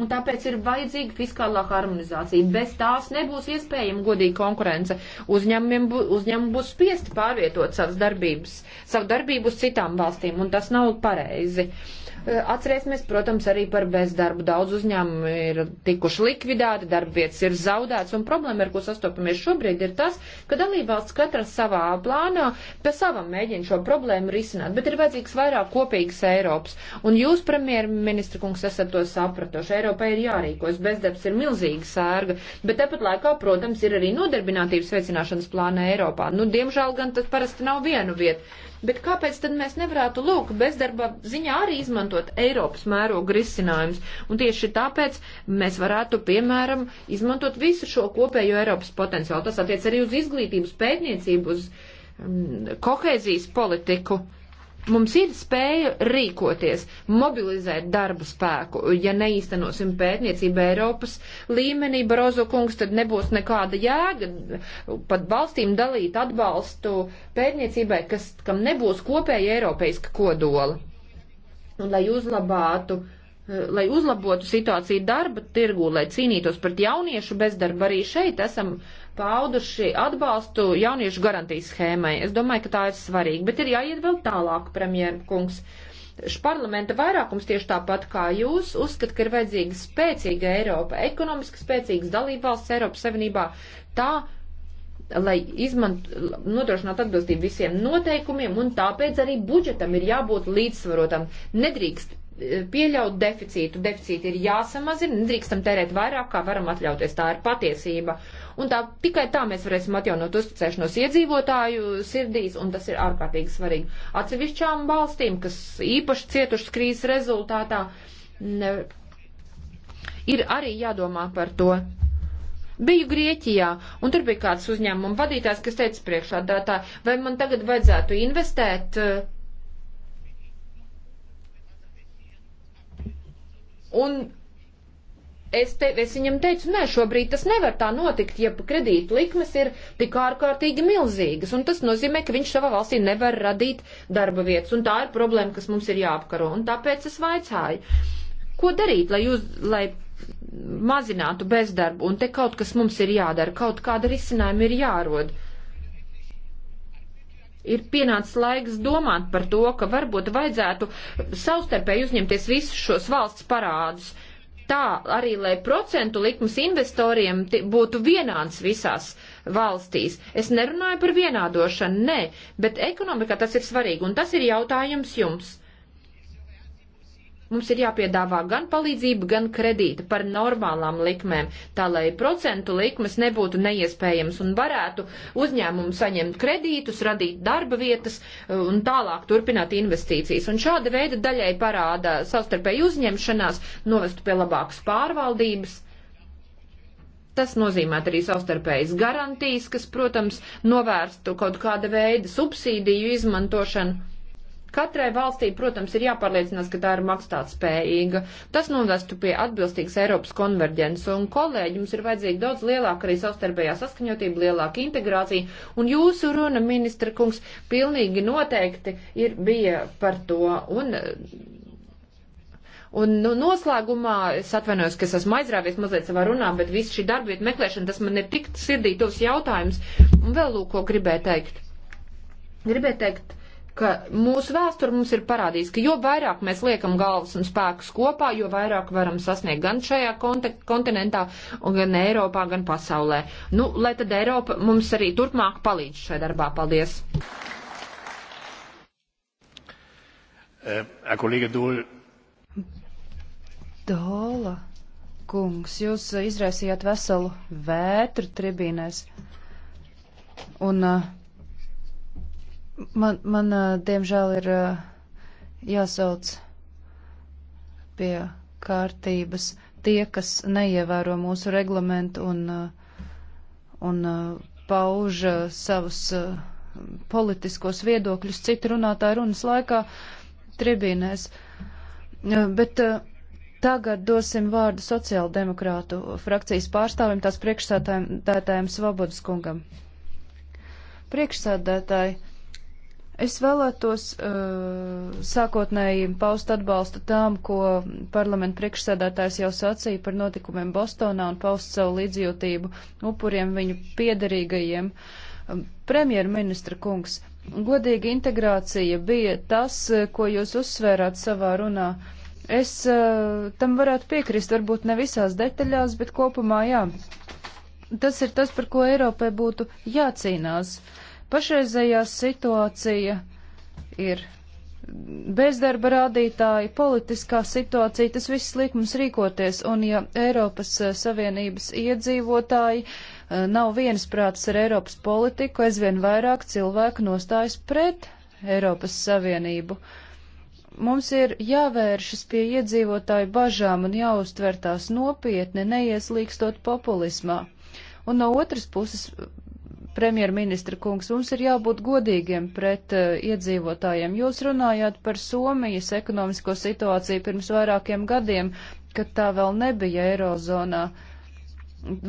Un tāpēc ir vajadzīga fiskālā harmonizācija. Bez tās nebūs iespējama godīga konkurence. Uzņēmumiem bu, uzņēmumi būs spiesti pārvietot savas darbības, savu darbību uz citām valstīm, un tas nav pareizi. Uh, Eh, atcerēsimies, protams, arī par bezdarbu. Daudz uzņēmumu ir tikuši likvidēti, darbvietas ir zaudētas, un problēma, ar ko sastopamies šobrīd, ir tas, ka dalībvalsts katra savā plānā pa savam mēģina šo problēmu risināt, bet ir vajadzīgs vairāk kopīgas Eiropas. Un jūs, premjerministra kungs, esat to sapratuši. Eiropai ir jārīkojas, bezdarbs ir milzīga sērga, bet tepat laikā, protams, ir arī nodarbinātības veicināšanas plāna Eiropā. Nu, diemžēl gan tas parasti nav vienu vietu. Bet kāpēc tad mēs nevarētu lūk bezdarba ziņā arī izmantot Eiropas mēroga risinājumus? Un tieši tāpēc mēs varētu, piemēram, izmantot visu šo kopējo Eiropas potenciālu. Tas attiec arī uz izglītību, pētniecību, uz um, kohēzijas politiku. Uh, Mums ir spēja rīkoties, mobilizēt darbu spēku. Ja neīstenosim pētniecību Eiropas līmenī, Barozo kungs, tad nebūs nekāda jēga pat valstīm dalīt atbalstu pētniecībai, kas, kam nebūs kopēja eiropeiska kodola. Un, lai uzlabātu lai uzlabotu situāciju darba tirgu, lai cīnītos pret jauniešu bezdarbu, arī šeit esam uh, pauduši atbalstu jauniešu garantijas schēmai. Es domāju, ka tā ir svarīga, bet ir jāiet vēl tālāk, premjerkungs. Parlamenta vairākums tieši tāpat kā jūs uzskata, ka ir vajadzīga spēcīga Eiropa, ekonomiski spēcīgas dalībvalsts Eiropas Savienībā, tā, lai izmant, nodrošinātu atbilstību visiem noteikumiem, un tāpēc arī budžetam ir jābūt līdzsvarotam. Nedrīkst pieļaut deficītu. Deficīti ir jāsamazina, nedrīkstam tērēt vairāk, kā varam atļauties. Tā ir patiesība. Un tā, tikai tā mēs varēsim atjaunot uzticēšanos iedzīvotāju sirdīs, un tas ir ārkārtīgi svarīgi. Atsevišķām valstīm, kas īpaši cietušas krīzes rezultātā, ne, ir arī jādomā par to. Biju Grieķijā, un tur bija kāds uzņēmuma vadītājs, kas teica priekšādātā, vai man tagad vajadzētu investēt uh, Un es, te, es viņam teicu, nē, šobrīd tas nevar tā notikt, ja kredīta likmes ir tik ārkārtīgi milzīgas, un tas nozīmē, ka viņš savā valstī nevar radīt darba vietas, un tā ir problēma, kas mums ir jāapkaro, un tāpēc es vaicāju, ko darīt, lai jūs, lai mazinātu bezdarbu, un te kaut kas mums ir jādara, kaut kāda risinājuma ir jārod ir pienācis laiks domāt par to, ka varbūt vajadzētu savstarpēji uzņemties visus šos valsts parādus. Tā arī, lai procentu likums investoriem būtu vienāds visās valstīs. Es nerunāju par vienādošanu, nē, bet ekonomikā tas ir svarīgi, un tas ir jautājums jums. Mums ir jāpiedāvā gan palīdzība, gan kredīta par normālām likmēm, tā lai procentu likmes nebūtu neiespējams un varētu uzņēmumu saņemt kredītus, radīt darba vietas e, un tālāk turpināt investīcijas. Un šāda veida daļai parāda savstarpēju uzņemšanās, novestu pie labākas pārvaldības. Tas nozīmē arī savstarpējas garantijas, kas, protams, novērstu kaut kāda veida subsīdiju izmantošanu. Katrai valstī, protams, ir jāpārliecinās, ka tā ir makstāt spējīga. Tas novestu pie atbilstīgas Eiropas konverģences, un kolēģi, jums ir vajadzīga daudz lielāka arī savstarpējā saskaņotība, lielāka integrācija, un jūsu runa, ministra kungs, pilnīgi noteikti ir bija par to. Un, Un nu, noslēgumā es atvainojos, ka es esmu aizrāvies mazliet savā runā, bet viss šī darbvieta meklēšana, tas man ir tik sirdī tuvs jautājums. Un vēl lūk, ko gribēju teikt. Gribēju teikt, ka mūsu vēsture mums ir parādījusi, ka jo vairāk mēs liekam galvas un spēkus kopā, jo vairāk varam sasniegt gan šajā kontinentā, gan Eiropā, gan pasaulē. Nu, lai tad Eiropa mums arī turpmāk palīdz šajā darbā. Paldies! Herr eh, Kollege Dohl. Dola, kungs, jūs izraisījāt veselu vētru tribīnēs. Un uh, Man, man diemžēl ir jāsauc pie kārtības tie, kas neievēro mūsu reglamentu un, un pauž savus politiskos viedokļus citu runātāju runas laikā tribīnēs. Bet tagad dosim vārdu sociāldemokrātu frakcijas pārstāvim, tās priekšsādātājiem Svobodas kungam. Priekšsādātāji Es vēlētos uh, sākotnēji paust atbalstu tām, ko parlamenta priekšsēdētājs jau sacīja par notikumiem Bostonā un paust savu līdzjūtību upuriem viņu piederīgajiem. Um, premjerministra kungs, godīga integrācija bija tas, uh, ko jūs uzsvērāt savā runā. Es uh, tam varētu piekrist, varbūt ne visās detaļās, bet kopumā jā. Tas ir tas, par ko Eiropai būtu jācīnās. Uh, Pašreizējā situācija ir bezdarba rādītāji, politiskā situācija, tas viss liek mums rīkoties, un ja Eiropas eh, Savienības iedzīvotāji eh, nav viensprāts ar Eiropas politiku, aizvien vairāk cilvēku nostājas pret Eiropas Savienību. Mums ir jāvēršas pie iedzīvotāju bažām un jāuztver tās nopietni, neieslīkstot populismā. Un no otras puses premjerministra kungs, mums ir jābūt godīgiem pret uh, iedzīvotājiem. Jūs runājāt par Somijas ekonomisko situāciju pirms vairākiem gadiem, kad tā vēl nebija Eirozonā. Uh,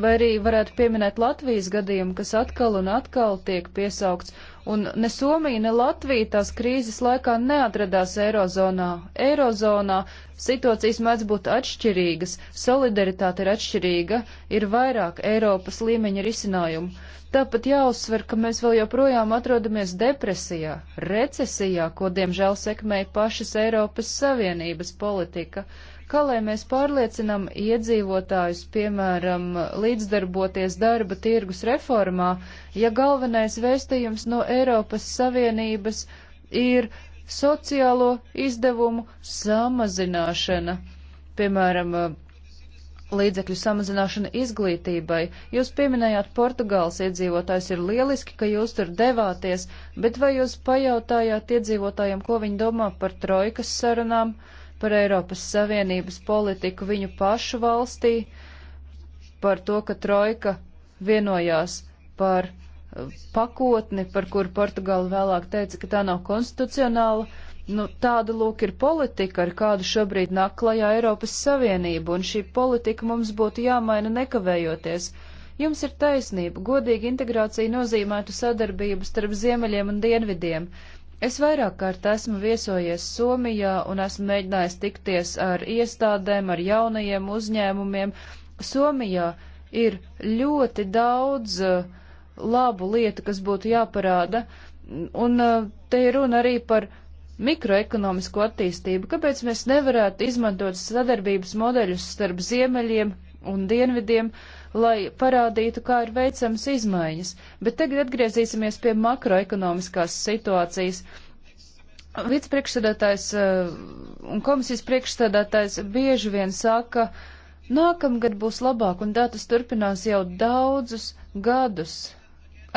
Vai arī varētu pieminēt Latvijas gadījumu, kas atkal un atkal tiek piesaukts, un ne Somija, ne Latvija tās krīzes laikā neatradās Eirozonā. Eirozonā situācijas mēdz būt atšķirīgas, solidaritāte ir atšķirīga, ir vairāk Eiropas līmeņa risinājumu. Tāpat jāuzsver, ka mēs vēl joprojām atrodamies depresijā, recesijā, ko diemžēl sekmēja pašas Eiropas Savienības politika kā lai mēs pārliecinam iedzīvotājus, piemēram, līdzdarboties darba tirgus reformā, ja galvenais vēstījums no Eiropas Savienības ir sociālo izdevumu samazināšana, piemēram, līdzekļu samazināšana izglītībai. Jūs pieminējāt Portugāles iedzīvotājs, ir lieliski, ka jūs tur devāties, bet vai jūs pajautājāt iedzīvotājiem, ko viņi domā par trojkas sarunām? Uh, par Eiropas Savienības politiku viņu pašu valstī, par to, ka Trojka vienojās par uh, pakotni, par kuru Portugāla vēlāk teica, ka tā nav konstitucionāla. Nu, tāda lūk ir politika, ar kādu šobrīd nāk klajā Eiropas Savienība, un šī politika mums būtu jāmaina nekavējoties. Jums ir taisnība, godīga integrācija nozīmētu sadarbību starp ziemeļiem un dienvidiem. Uh, Es vairāk kārt esmu viesojies Somijā un esmu mēģinājis tikties ar iestādēm, ar jaunajiem uzņēmumiem. Somijā ir ļoti daudz uh, labu lietu, kas būtu jāparāda, un uh, te ir runa arī par mikroekonomisko attīstību. Kāpēc mēs nevarētu izmantot sadarbības modeļus starp ziemeļiem un dienvidiem? Uh, lai parādītu, kā ir veicams izmaiņas. Bet tagad atgriezīsimies pie makroekonomiskās situācijas. Vicepriekšsēdētājs eh, un komisijas priekšsēdētājs bieži vien saka, nākamgad būs labāk un datus turpinās jau daudzus gadus.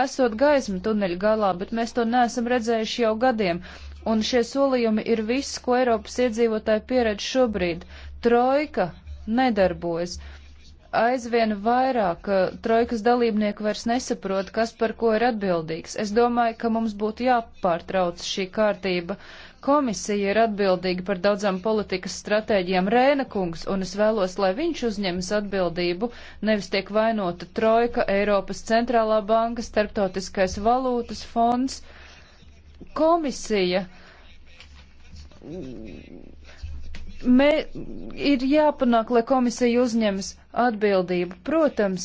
Esot gaismu tuneļu galā, bet mēs to neesam redzējuši jau gadiem, un šie solījumi ir viss, ko Eiropas iedzīvotāji pieredz šobrīd. Trojka nedarbojas aizvien vairāk trojkas dalībnieku vairs nesaprot, kas par ko ir atbildīgs. Es domāju, ka mums būtu jāpārtrauc šī kārtība. Komisija ir atbildīga par daudzām politikas stratēģijām Rēna kungs, un es vēlos, lai viņš uzņemas atbildību, nevis tiek vainota Trojka, Eiropas centrālā banka, Starptautiskais valūtas fonds, komisija Mē, ir jāpanāk, lai komisija uzņemas atbildību. Protams,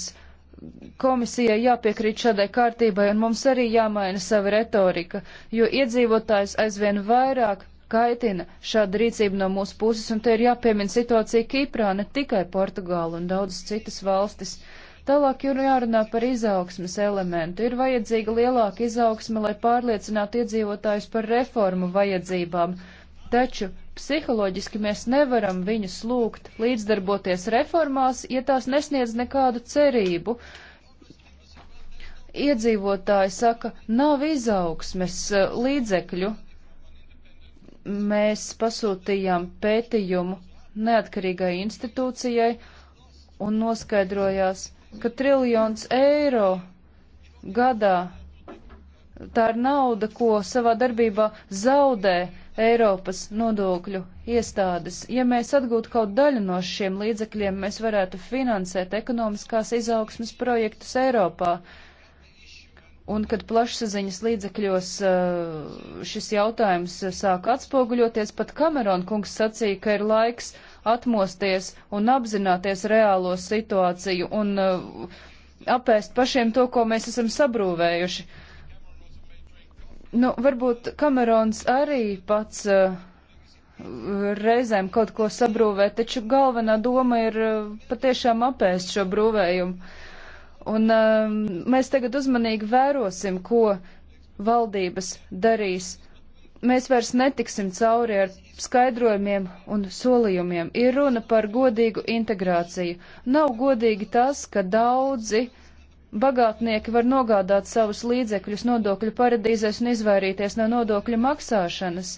komisijai jāpiekrīt šādai kārtībai, un mums arī jāmaina sava retorika, jo iedzīvotājs aizvien vairāk kaitina šāda rīcība no mūsu puses, un te ir jāpiemina situācija Kiprā, ne tikai Portugāla un daudzas citas valstis. Tālāk ir jārunā par izaugsmes elementu. Ir vajadzīga lielāka izaugsme, lai pārliecinātu iedzīvotājus par reformu vajadzībām. Taču Psiholoģiski mēs nevaram viņus lūgt līdzdarboties reformās, ja tās nesniedz nekādu cerību. Iedzīvotāji saka, nav izaugsmes e, līdzekļu. Mēs pasūtījām pētījumu neatkarīgai institūcijai un noskaidrojās, ka triljons eiro gadā tā ir nauda, ko savā darbībā zaudē Eiropas nodokļu iestādes. Ja mēs atgūtu kaut daļu no šiem līdzekļiem, mēs varētu finansēt ekonomiskās izaugsmas projektus Eiropā. Un, kad plašsaziņas līdzekļos uh, šis jautājums uh, sāk atspoguļoties, pat Kamerona kungs sacīja, ka ir laiks atmosties un apzināties reālo situāciju un uh, apēst pašiem to, ko mēs esam sabrūvējuši. Nu, varbūt Kamerons arī pats uh, reizēm kaut ko sabrūvē, taču galvenā doma ir uh, patiešām apēst šo brūvējumu. Un uh, mēs tagad uzmanīgi vērosim, ko valdības darīs. Mēs vairs netiksim cauri ar skaidrojumiem un solījumiem. Ir runa par godīgu integrāciju. Nav godīgi tas, ka daudzi uh, bagātnieki var nogādāt savus līdzekļus nodokļu paradīzēs un izvairīties no nodokļu maksāšanas.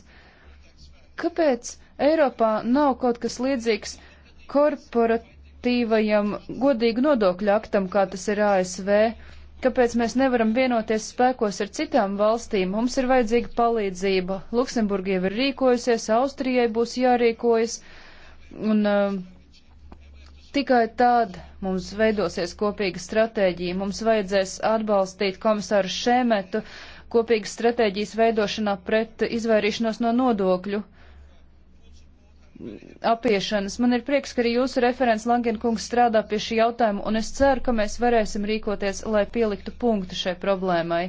Kāpēc Eiropā nav kaut kas līdzīgs korporatīvajam godīgu nodokļu aktam, kā tas ir ASV? Kāpēc mēs nevaram vienoties spēkos ar citām valstīm? Mums ir vajadzīga palīdzība. Luksemburga jau ir rīkojusies, Austrijai būs jārīkojas. Un, uh, Tikai tad mums veidosies kopīga stratēģija, mums vajadzēs atbalstīt komisāru Šemetu kopīgas stratēģijas veidošanā pret izvairīšanos no nodokļu apiešanas. Man ir prieks, ka arī jūsu referents Langenkungs strādā pie šī jautājuma, un es ceru, ka mēs varēsim rīkoties, lai pieliktu punktu šai problēmai.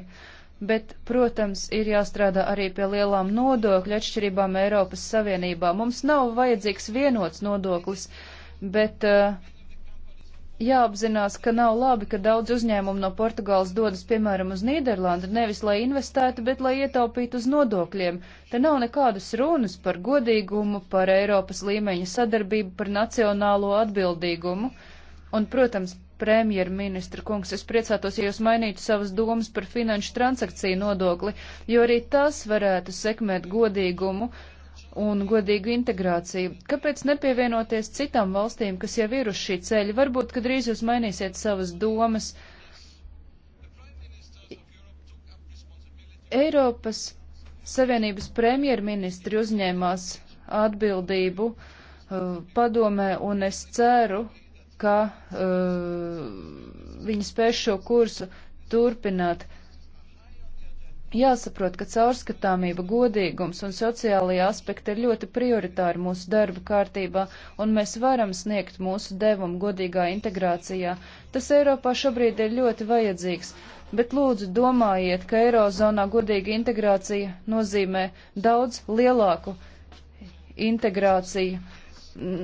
Bet, protams, ir jāstrādā arī pie lielām nodokļu atšķirībām Eiropas Savienībā. Mums nav vajadzīgs vienots nodoklis. Uh, bet uh, jāapzinās, ka nav labi, ka daudz uzņēmumu no Portugāles dodas, piemēram, uz Nīderlandi, nevis lai investētu, bet lai ietaupītu uz nodokļiem. Te nav nekādas runas par godīgumu, par Eiropas līmeņa sadarbību, par nacionālo atbildīgumu. Un, protams, premjerministra kungs, es priecātos, ja jūs mainītu savas domas par finanšu transakciju nodokli, jo arī tas varētu sekmēt godīgumu, uh, un godīgu integrāciju. Kāpēc nepievienoties citām valstīm, kas jau ir uz šī ceļa? Varbūt, ka drīz jūs mainīsiet savas domas. Eiropas Savienības premjerministri uzņēmās atbildību uh, padomē, un es ceru, ka uh, viņi spēs šo kursu turpināt. Uh, Jāsaprot, ka caurskatāmība, godīgums un sociālajie aspekti ir ļoti prioritāri mūsu darba kārtībā, un mēs varam sniegt mūsu devumu godīgā integrācijā. Tas Eiropā šobrīd ir ļoti vajadzīgs, bet lūdzu domājiet, ka Eirozonā godīga integrācija nozīmē daudz lielāku integrāciju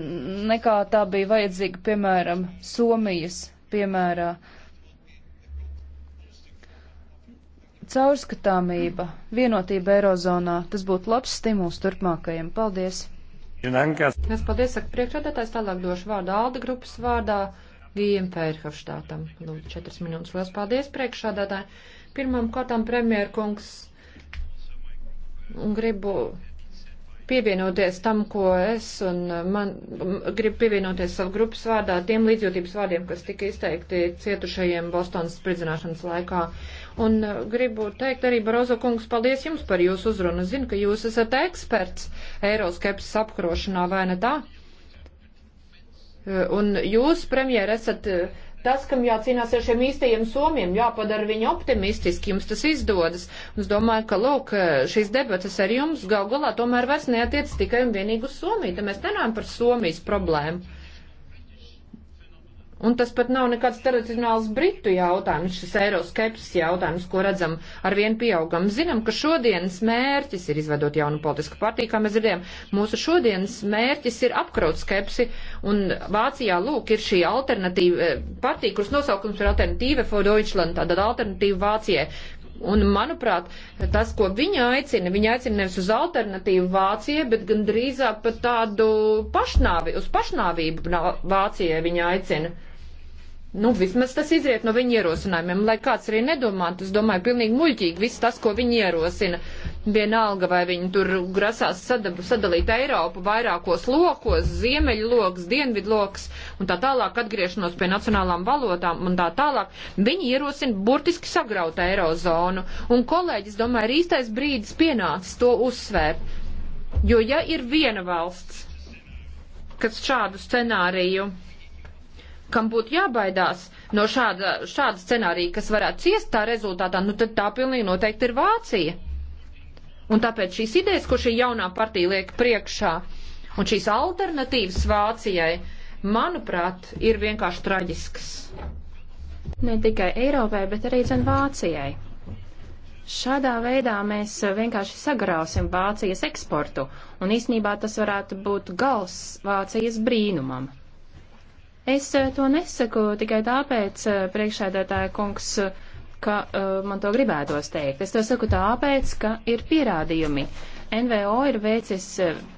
nekā tā bija vajadzīga, piemēram, Somijas piemērā. Caurskatāmība, vienotība Eirozonā, tas būtu labs stimuls turpmākajiem. Paldies! Es paldies, saka priekšredētājs, tālāk došu vārdu Alda grupas vārdā Gijam Fērhofštātam. Lūdzu, četras minūtes. Lielas paldies, priekšredētāji. Pirmām kārtām premjerkungs un gribu pievienoties tam, ko es un man grib pievienoties savu grupas vārdā, tiem līdzjūtības vārdiem, kas tika izteikti cietušajiem Bostonas spridzināšanas laikā. Uh, Un uh, gribu teikt arī, Barozo kungs, paldies jums par jūsu uzrunu. Zinu, ka jūs esat eksperts eiroskepsis apkarošanā, vai ne tā? Uh, un jūs, premjer, esat uh, tas, kam jācīnās ar šiem īstajiem somiem, jāpadara viņi optimistiski, jums tas izdodas. Un es domāju, ka, lūk, šīs debatas ar jums gal galā tomēr vairs neatiec tikai un vienīgi uz Somiju, tad mēs nenājam par Somijas problēmu. Un tas pat nav nekāds tradicionāls britu jautājums, šis eiroskepsis jautājums, ko redzam ar vien pieaugam. Zinam, ka šodienas mērķis ir izveidot jaunu politisku partiju, kā mēs dzirdējam. Mūsu šodienas mērķis ir apkraut skepsi, un Vācijā, lūk, ir šī alternatīva eh, partija, kuras nosaukums ir alternatīva for Deutschland, tātad alternatīva Vācijai, Un, manuprāt, tas, ko viņa aicina, viņa aicina nevis uz alternatīvu Vācijai, bet gan drīzāk pat tādu pašnāvi, uz pašnāvību Vācijai viņa aicina. Nu, vismaz tas izriet no viņa ierosinājumiem, lai kāds arī nedomātu, es domāju, pilnīgi muļķīgi viss tas, ko viņi ierosina. Vienalga, vai viņi tur grasās sadab, sadalīt Eiropu vairākos lokos, ziemeļu lokus, dienvidu lokus un tā tālāk atgriešanos pie nacionālām valodām un tā tālāk. Viņi ierosina burtiski sagraut Eirozonu. Un kolēģis, domāju, ir īstais brīdis pienācis to uzsvērt. Jo ja ir viena valsts, kas šādu scenāriju kam būtu jābaidās no šāda, šāda scenārija, kas varētu ciest tā rezultātā, nu tad tā pilnīgi noteikti ir Vācija. Un tāpēc šīs idejas, ko šī jaunā partija liek priekšā, un šīs alternatīvas Vācijai, manuprāt, ir vienkārši traģiskas. Ne tikai Eiropai, bet arī zem Vācijai. Šādā veidā mēs vienkārši sagrausim Vācijas eksportu, un īsnībā tas varētu būt gals Vācijas brīnumam. Es eh, to nesaku tikai tāpēc, eh, priekšēdētāja kungs, ka uh, man to gribētos teikt. Es to saku tāpēc, ka ir pierādījumi. NVO ir veicis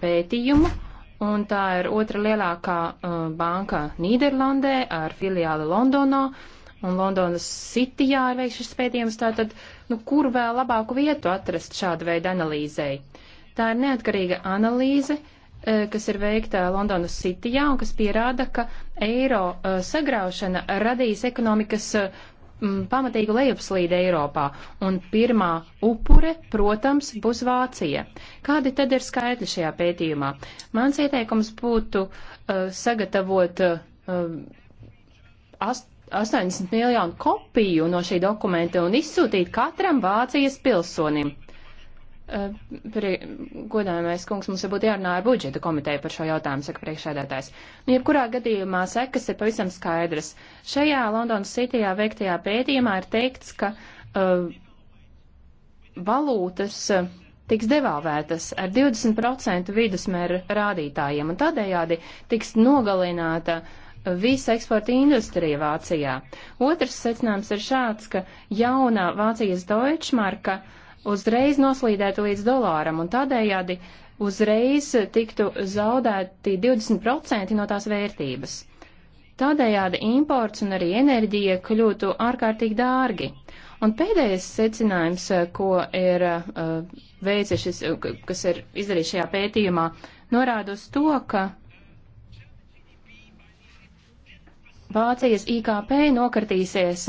pētījumu, un tā ir otra lielākā uh, banka Nīderlandē ar filiāli Londonā, un Londonas Cityjā ir veikts šis pētījums. Tātad, nu, kur vēl labāku vietu atrast šādu veidu analīzei? Tā ir neatkarīga analīze, Eh, kas ir veikta Londonas Cityjā un kas pierāda, ka eiro eh, sagraušana radīs ekonomikas eh, pamatīgu lejupslīdi Eiropā, un pirmā upure, protams, būs Vācija. Kādi tad ir skaitļi šajā pētījumā? Mans ieteikums būtu uh, sagatavot uh, 80 miljonu kopiju no šī dokumenta un izsūtīt katram Vācijas pilsonim. Eh, godājumais kungs, mums būtu jārunā ar budžeta komiteju par šo jautājumu, saka priekšēdētājs. Nu, jebkurā gadījumā sekas ir pavisam skaidras. Šajā Londonas Cityjā veiktajā pētījumā ir teikts, ka uh, valūtas eh, tiks devalvētas ar 20% vidusmēra rādītājiem, un tādējādi tiks nogalināta visa eksporta industrija Vācijā. Otrs secinājums ir šāds, ka jaunā Vācijas Deutschmarka uh, uzreiz noslīdētu līdz dolāram, un tādējādi uzreiz tiktu zaudēti 20% no tās vērtības. Tādējādi imports un arī enerģija kļūtu ārkārtīgi dārgi. Un pēdējais secinājums, ko ir uh, veicis šis, kas ir izdarīts šajā pētījumā, norāda uz to, ka Vācijas IKP nokartīsies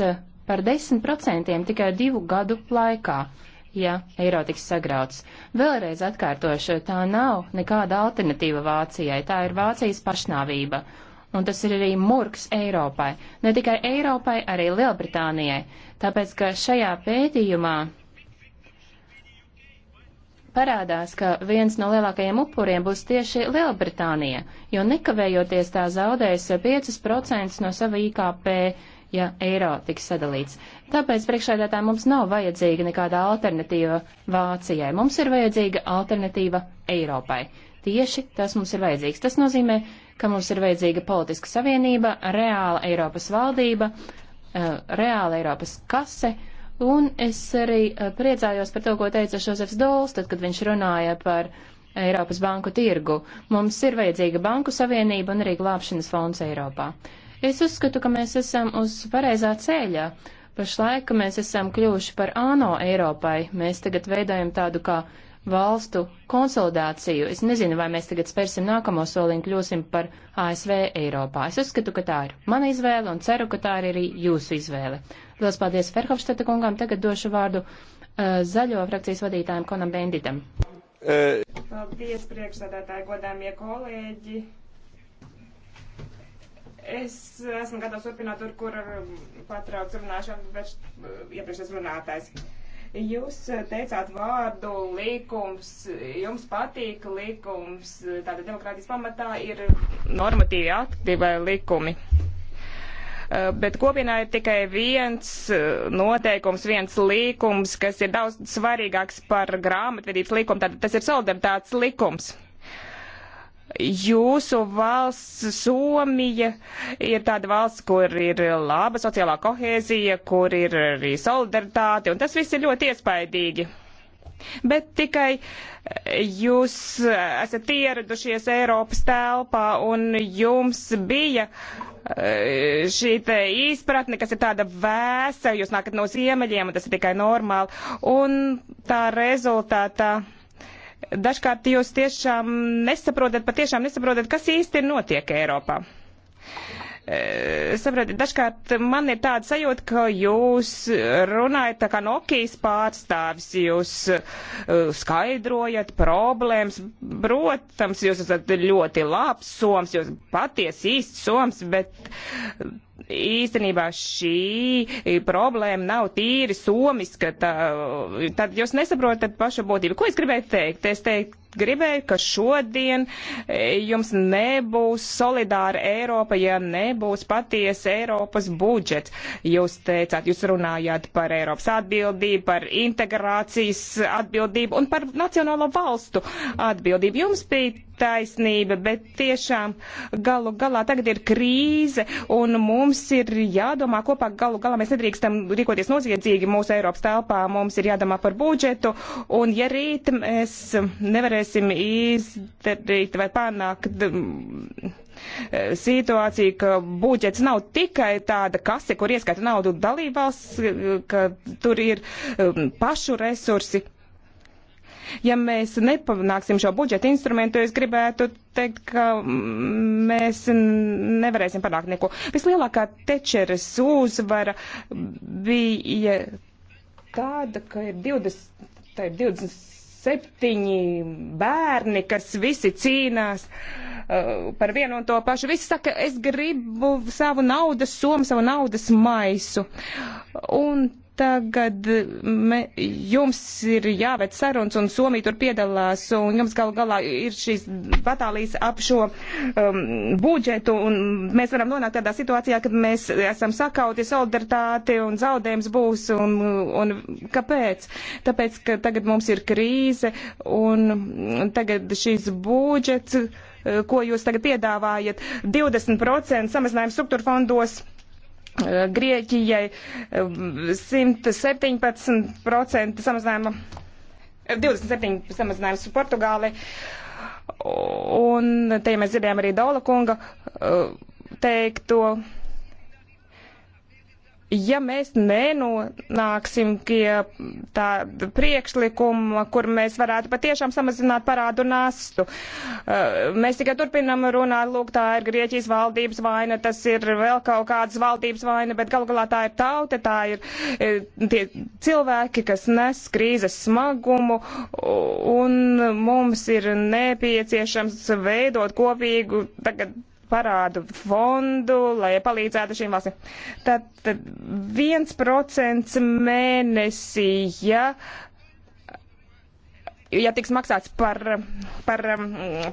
par 10% tikai divu gadu laikā. Uh, ja eiro tiks sagrauts. Vēlreiz atkārtošu, tā nav nekāda alternatīva Vācijai, tā ir Vācijas pašnāvība. Un tas ir arī murgs Eiropai, ne tikai Eiropai, arī Lielbritānijai, tāpēc ka šajā pētījumā parādās, ka viens no lielākajiem upuriem būs tieši Lielbritānija, jo nekavējoties tā zaudēs 5% no sava IKP ja eiro tiks sadalīts. Tāpēc priekšēdētā mums nav vajadzīga nekāda alternatīva Vācijai. Mums ir vajadzīga alternatīva Eiropai. Tieši tas mums ir vajadzīgs. Tas nozīmē, ka mums ir vajadzīga politiska savienība, reāla Eiropas valdība, eh, reāla Eiropas kase. Un es arī eh, priecājos par to, ko teica Šozefs Dols, tad, kad viņš runāja par Eiropas banku tirgu. Mums ir vajadzīga banku savienība un arī glābšanas fonds Eiropā. Es uzskatu, ka mēs esam uz pareizā ceļā. Pašlaik mēs esam kļuvuši par ANO Eiropai. Mēs tagad veidojam tādu kā valstu konsolidāciju. Es nezinu, vai mēs tagad spērsim nākamo soli un kļūsim par ASV Eiropā. Es uzskatu, ka tā ir mana izvēle un ceru, ka tā ir arī jūsu izvēle. Lielas paldies Ferhofštata kungam. Tagad došu vārdu uh, zaļo frakcijas vadītājiem Konam Benditam. Uh, paldies, priekšsādātāji, godāmie kolēģi. Es esmu gatavs turpināt tur, kur patrauc runāšanu, bet eh, iepriekšējais runātājs. Jūs eh, teicāt vārdu likums, jums patīk likums, tāda demokrātijas pamatā ir normatīvi akti vai likumi. Eh, bet kopienā ir tikai viens noteikums, viens līkums, kas ir daudz svarīgāks par grāmatvedības likumu, tātad tas ir solidaritātes likums jūsu valsts, Somija, ir tāda valsts, kur ir laba sociālā kohēzija, kur ir arī solidaritāte, un tas viss ir ļoti iespaidīgi. Bet tikai eh, jūs eh, esat ieradušies Eiropas telpā un jums bija eh, šī izpratne, kas ir tāda vēsa, jūs nākat no ziemeļiem, un tas ir tikai normāli. Un tā rezultātā. Tā Dažkārt jūs tiešām nesaprotat, patiešām nesaprotat, kas īsti notiek Eiropā. E, saprotiet, dažkārt man ir tāda sajūta, ka jūs runājat tā kā Nokijas pārstāvis, jūs e, skaidrojat problēmas. Protams, jūs esat ļoti labs soms, jūs patiesi īsts soms, bet īstenībā šī problēma nav tīri somiska, tā, tad jūs nesaprotat pašu būtību. Ko es gribēju teikt? Es teikt, gribēju, ka šodien e, jums nebūs solidāra Eiropa, ja nebūs patiesa Eiropas budžets. Jūs teicāt, jūs runājāt par Eiropas atbildību, par integrācijas atbildību un par nacionālo valstu atbildību. Jums bija taisnība, bet tiešām galu galā tagad ir krīze un mums ir jādomā kopā galu galā. Mēs nedrīkstam rīkoties noziedzīgi mūsu Eiropas telpā, mums ir jādomā par budžetu un ja rīt mēs nevarēsim izdarīt vai panākt situācija, ka budžets nav tikai tāda kase, kur ieskaita naudu dalībvalsts, ka tur ir pašu resursi. Ja mēs nepanāksim šo budžeta instrumentu, es gribētu teikt, ka mēs nevarēsim panākt neko. Vislielākā tečeres uzvara bija tāda, ka ir 20, tā ir 27 bērni, kas visi cīnās. Uh, par vienu un to pašu. Visi saka, es gribu savu naudas somu, savu naudas maisu. Un tagad me, jums ir jāved sarunas, un Somija tur piedalās, un jums gal galā ir šīs batālijas ap šo um, budžetu, un mēs varam nonākt tādā situācijā, kad mēs esam sakauti, solidaritāti, un zaudējums būs, un, un kāpēc? Tāpēc, ka tagad mums ir krīze, un tagad šīs budžets, eh, ko jūs tagad piedāvājat, 20% samazinājums struktūra fondos Grieķijai 117% samazinājuma, 27% samazinājums Portugālei. Un te ja mēs dzirdējām arī Daula kunga eh, teikto ja mēs nenonāksim pie tā priekšlikuma, kur mēs varētu patiešām samazināt parādu nastu. Uh, mēs tikai turpinam runāt, lūk, tā ir Grieķijas valdības vaina, tas ir vēl kaut kādas valdības vaina, bet galu galā tā ir tauta, tā ir uh, tie cilvēki, kas nes krīzes smagumu, un mums ir nepieciešams veidot kopīgu tagad parādu fondu, lai palīdzētu šīm valstīm. Tad, tad 1% mēnesī, ja, ja tiks maksāts par, par um,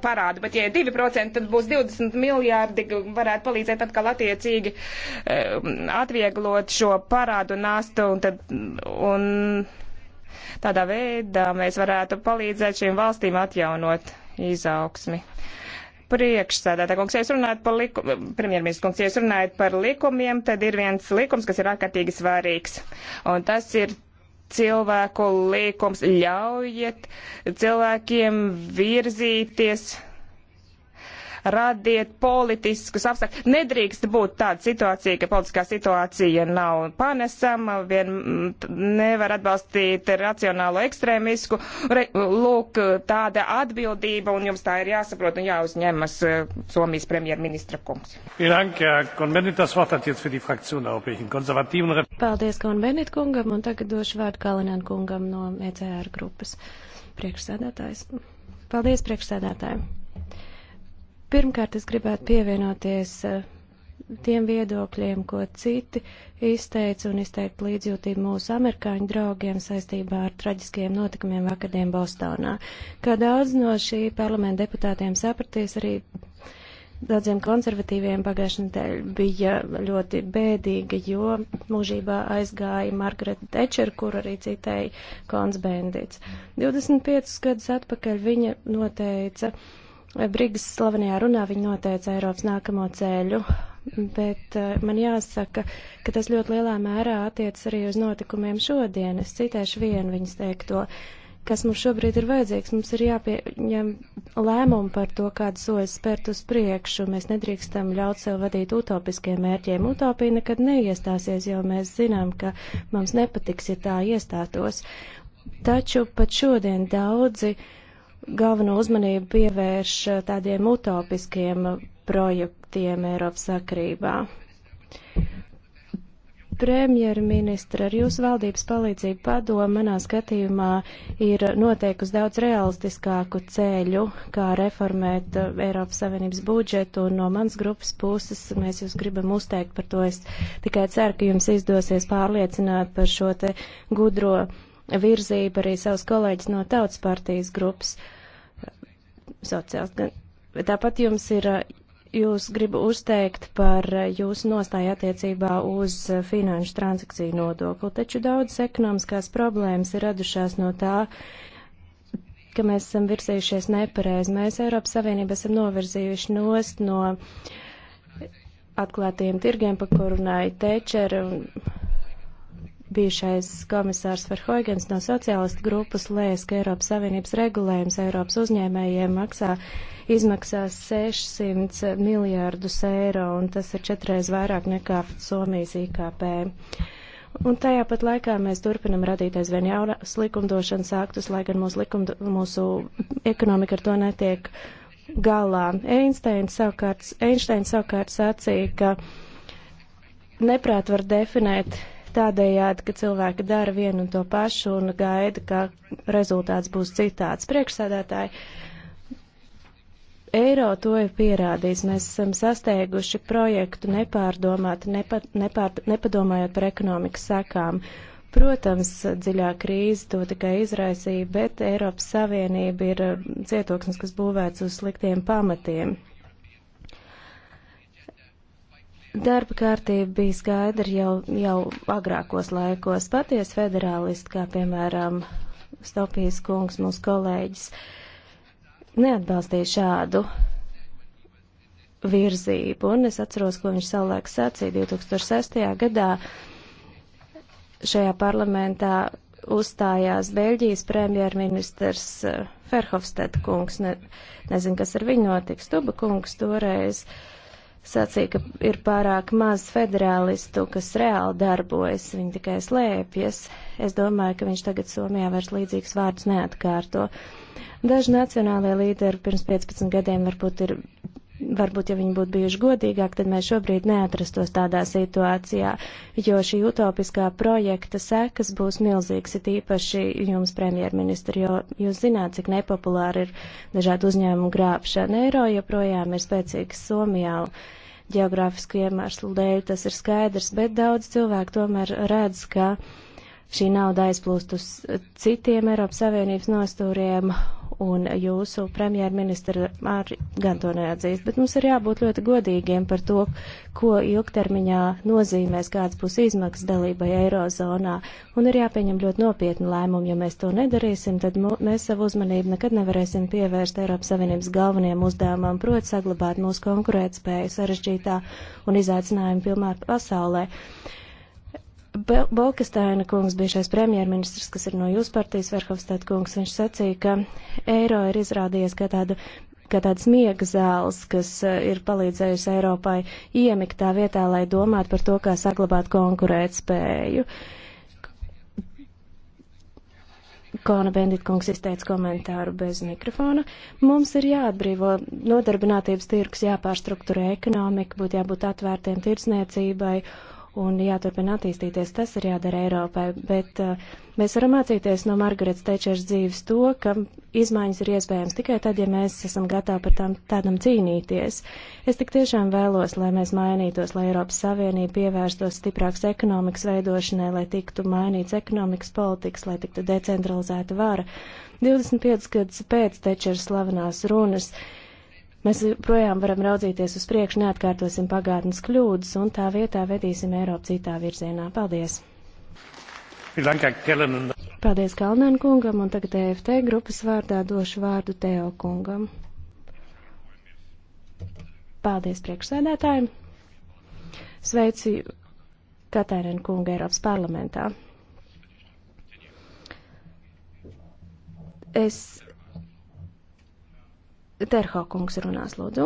parādu, bet ja 2%, tad būs 20 miljārdi, varētu palīdzēt atkal attiecīgi um, atvieglot šo parādu nastu un tad. Un, Tādā veidā mēs varētu palīdzēt šīm valstīm atjaunot izaugsmi. Uh, priekšsēdētā kungs, ja jūs runājat par likumiem, premjerministrs kungs, ja jūs runājat par likumiem, tad ir viens likums, kas ir ārkārtīgi svarīgs. Un tas ir cilvēku likums. Ļaujiet cilvēkiem virzīties radiet politiskus apstākļus. Nedrīkst būt tāda situācija, ka politiskā situācija nav panesama, vien nevar atbalstīt racionālo ekstrēmisku. Re, lūk, tāda atbildība, un jums tā ir jāsaprot un jāuzņemas eh, Somijas premjerministra kungs. Paldies, Konbenit kungam, un tagad došu vārdu Kalinan kungam no ECR grupas priekšsēdētājs. Paldies, priekšsēdētāji! Pirmkārt, es gribētu pievienoties eh, tiem viedokļiem, ko citi izteica un izteikt līdzjūtību mūsu amerikāņu draugiem saistībā ar traģiskajiem notikumiem vakardien Bostonā. Kā daudz no šī parlamenta deputātiem sapratīs, arī daudziem konservatīviem pagājušajā nedēļā bija ļoti bēdīga, jo mūžībā aizgāja Margareta Tečer, kur arī citēja Kons Bendits. 25 gadus atpakaļ viņa noteica Brigas slavenajā runā viņa noteica Eiropas nākamo ceļu, bet eh, man jāsaka, ka tas ļoti lielā mērā attiecas arī uz notikumiem šodien. Es citēšu vienu viņas teikto. Kas mums šobrīd ir vajadzīgs? Mums ir jāpieņem lēmumu par to, kādu soli spērt uz priekšu. Mēs nedrīkstam ļaut sev vadīt utopiskiem mērķiem. Utopija nekad neiestāsies, jo mēs zinām, ka mums nepatiks, ja tā iestātos. Taču pat šodien daudzi uh, galveno uzmanību pievērš eh, tādiem utopiskiem projektiem Eiropas sakrībā. Premjerministra ar jūsu valdības palīdzību padomu manā skatījumā ir noteikusi daudz realistiskāku ceļu, kā reformēt eh, Eiropas Savienības budžetu, un no manas grupas puses mēs jūs gribam uzteikt par to. Es tikai ceru, ka jums izdosies pārliecināt par šo te gudro uh, virzība arī savus kolēģis no tautas partijas grupas sociāls. Tāpat jums ir, jūs gribu uzteikt par jūsu nostāju attiecībā uz finanšu transakciju nodokli, taču daudz ekonomiskās problēmas ir radušās no tā, ka mēs esam virsījušies nepareizi. Mēs Eiropas Savienību esam novirzījuši nost no atklātiem tirgiem, pa kur runāja Tečera un bijušais komisārs Verhoigens no sociālistu grupas lēs, ka Eiropas Savienības regulējums Eiropas uzņēmējiem maksā izmaksās 600 miljārdus eiro, un tas ir četreiz vairāk nekā Somijas IKP. Un tajā pat laikā mēs turpinam radīt aizvien jaunas likumdošanas aktus, lai gan mūsu, likumdo, mūsu ekonomika ar to netiek galā. Einsteins savukārt, Einsteins savukārt sacīja, ka neprāt var definēt tādējādi, ka cilvēki dara vienu un to pašu un gaida, ka rezultāts būs citāds. Priekšsēdētāji, eiro to ir pierādījis. Mēs esam sasteiguši projektu nepārdomāt, nepa, nepār, nepadomājot par ekonomikas sekām. Protams, dziļā krīze to tikai izraisīja, bet Eiropas Savienība ir cietoksnis, kas būvēts uz sliktiem pamatiem. Darba kārtība bija skaidra jau, jau agrākos laikos. Paties federālisti, kā piemēram Stopijas kungs, mūsu kolēģis, neatbalstīja šādu virzību. Un es atceros, ko viņš savulaik sacīja 2006. gadā. Šajā parlamentā uzstājās Beļģijas premjerministrs eh, Ferhofstad kungs, ne, nezinu, kas ar viņu notiks, Tuba kungs toreiz. Uh, sacīja, ka ir pārāk maz federālistu, kas reāli darbojas, viņi tikai slēpjas. Es domāju, ka viņš tagad Somijā vairs līdzīgs vārds neatkārto. Daži nacionālie līderi pirms 15 gadiem varbūt ir varbūt, ja viņi būtu bijuši godīgāk, tad mēs šobrīd neatrastos tādā situācijā, jo šī utopiskā projekta sekas būs milzīgs, it īpaši jums, premjerministri, jo jūs zināt, cik nepopulāri ir dažādu uzņēmumu grābšana. Eiro joprojām ir spēcīgs Somijā ģeogrāfisku iemeslu dēļ, tas ir skaidrs, bet daudz cilvēku tomēr redz, ka šī nauda aizplūst uz citiem Eiropas Savienības nostūriem un jūsu premjerministra arī gan to neatzīst, bet mums ir jābūt ļoti godīgiem par to, ko ilgtermiņā nozīmēs, kāds būs izmaksas dalībai Eirozonā, un ir jāpieņem ļoti nopietni lēmumi, ja mēs to nedarīsim, tad mēs savu uzmanību nekad nevarēsim pievērst Eiropas Savienības galvenajam uzdevumam, proti saglabāt mūsu konkurētspēju sarežģītā un izaicinājumu pilnā pasaulē. Uh, Bolkestēna kungs, bijušais premjerministrs, kas ir no jūsu partijas, Verhofstēt kungs, viņš sacīja, ka eiro ir izrādījies kā tāda kā tāds miega zāles, kas eh, ir palīdzējusi Eiropai iemikt tā vietā, lai domātu par to, kā saglabāt konkurētspēju. Kona Benditkungs izteica komentāru bez mikrofona. Mums ir jāatbrīvo nodarbinātības tirgus, jāpārstrukturē ekonomika, būtu jābūt atvērtiem tirdzniecībai un jāturpina attīstīties. Tas ir jādara Eiropai, bet uh, mēs varam mācīties no Margaretas Tečers dzīves to, ka izmaiņas ir iespējams tikai tad, ja mēs esam gatavi par tām tādam cīnīties. Es tik tiešām vēlos, lai mēs mainītos, lai Eiropas Savienība pievērstos stiprāks ekonomikas veidošanai, lai tiktu mainīts ekonomikas politikas, lai tiktu decentralizēta vara. 25 gadus pēc Tečers slavenās runas Mēs projām varam raudzīties uz priekšu, neatkārtosim pagātnes kļūdas un tā vietā vedīsim Eiropu citā virzienā. Paldies! Paldies Kalnēn kungam un tagad EFT grupas vārdā došu vārdu Teo kungam. Paldies priekšsēdētājiem! Sveici Katērina kunga Eiropas parlamentā. Es Terho kungs runās, lūdzu.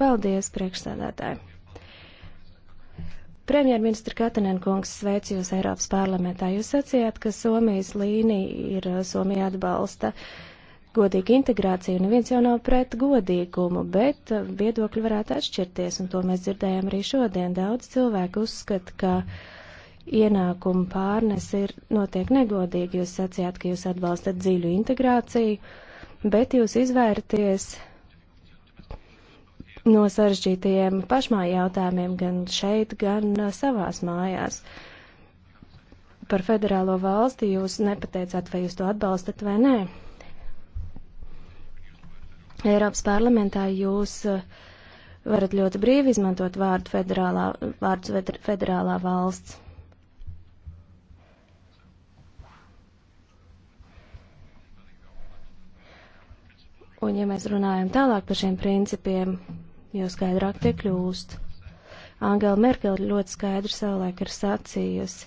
Paldies, priekšsēdētāji. Premjerministra Katanēna kungs sveic jūs Eiropas parlamentā. Jūs sacījāt, ka Somijas līnija ir Somija atbalsta godīga integrācija, un neviens jau nav pret godīgumu, bet viedokļi varētu atšķirties, un to mēs dzirdējām arī šodien. Daudz cilvēku uzskata, ka ienākumu pārnes ir notiek negodīgi. Jūs sacījāt, ka jūs atbalstat dziļu integrāciju, bet jūs izvērties no sarežģītajiem pašmāju jautājumiem gan šeit, gan uh, savās mājās. Par federālo valsti jūs nepateicāt, vai jūs to atbalstat vai nē. Eiropas parlamentā jūs uh, varat ļoti brīvi izmantot vārdu federālā, vārdus federālā valsts. Un ja mēs runājam tālāk par šiem principiem, jo skaidrāk tie kļūst. Angela Merkele ļoti skaidri savulaik ir sacījusi,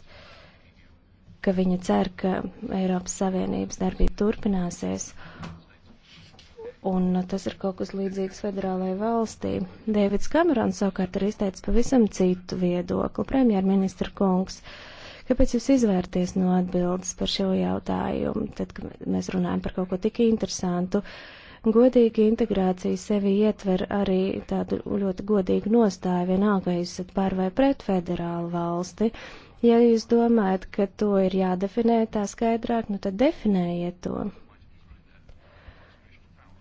ka viņa cer, ka Eiropas Savienības darbība turpināsies, un tas ir kaut kas līdzīgs federālajai valstī. Dēvids Kamerons savukārt ir izteicis pavisam citu viedokli, premjerministra kungs. Kāpēc jūs izvērties no atbildes par šo jautājumu, tad, kad mēs runājam par kaut ko tik interesantu? Uh, Godīga integrācija sevi ietver arī tādu ļoti godīgu nostāju, vienalga, vai esat par vai pret federālu valsti. Ja jūs domājat, ka to ir jādefinē tā skaidrāk, nu tad definējiet to.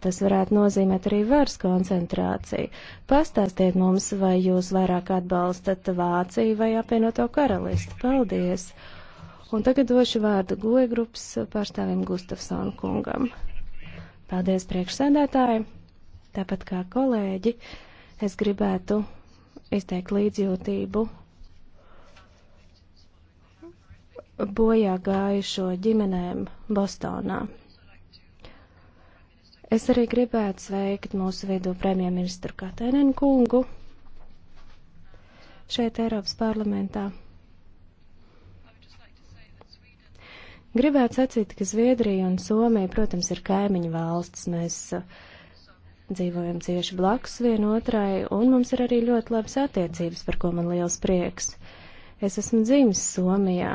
Tas varētu nozīmēt arī varas koncentrāciju. Pastāstiet mums, vai jūs vairāk atbalstat Vāciju vai apvienoto karalisti. Paldies! Un tagad došu vārdu goja grupas pārstāvim Gustafsonu kungam. Paldies priekšsēdētāji, tāpat kā kolēģi, es gribētu izteikt līdzjūtību bojā gājušo ģimenēm Bostonā. Es arī gribētu sveikt mūsu vidū premjerministru Katēnenkungu šeit Eiropas parlamentā. Gribētu sacīt, ka Zviedrija un Somija, protams, ir kaimiņu valsts. Mēs uh, dzīvojam cieši blakus vienotrai, un mums ir arī ļoti labas attiecības, par ko man liels prieks. Es esmu dzimis Somijā,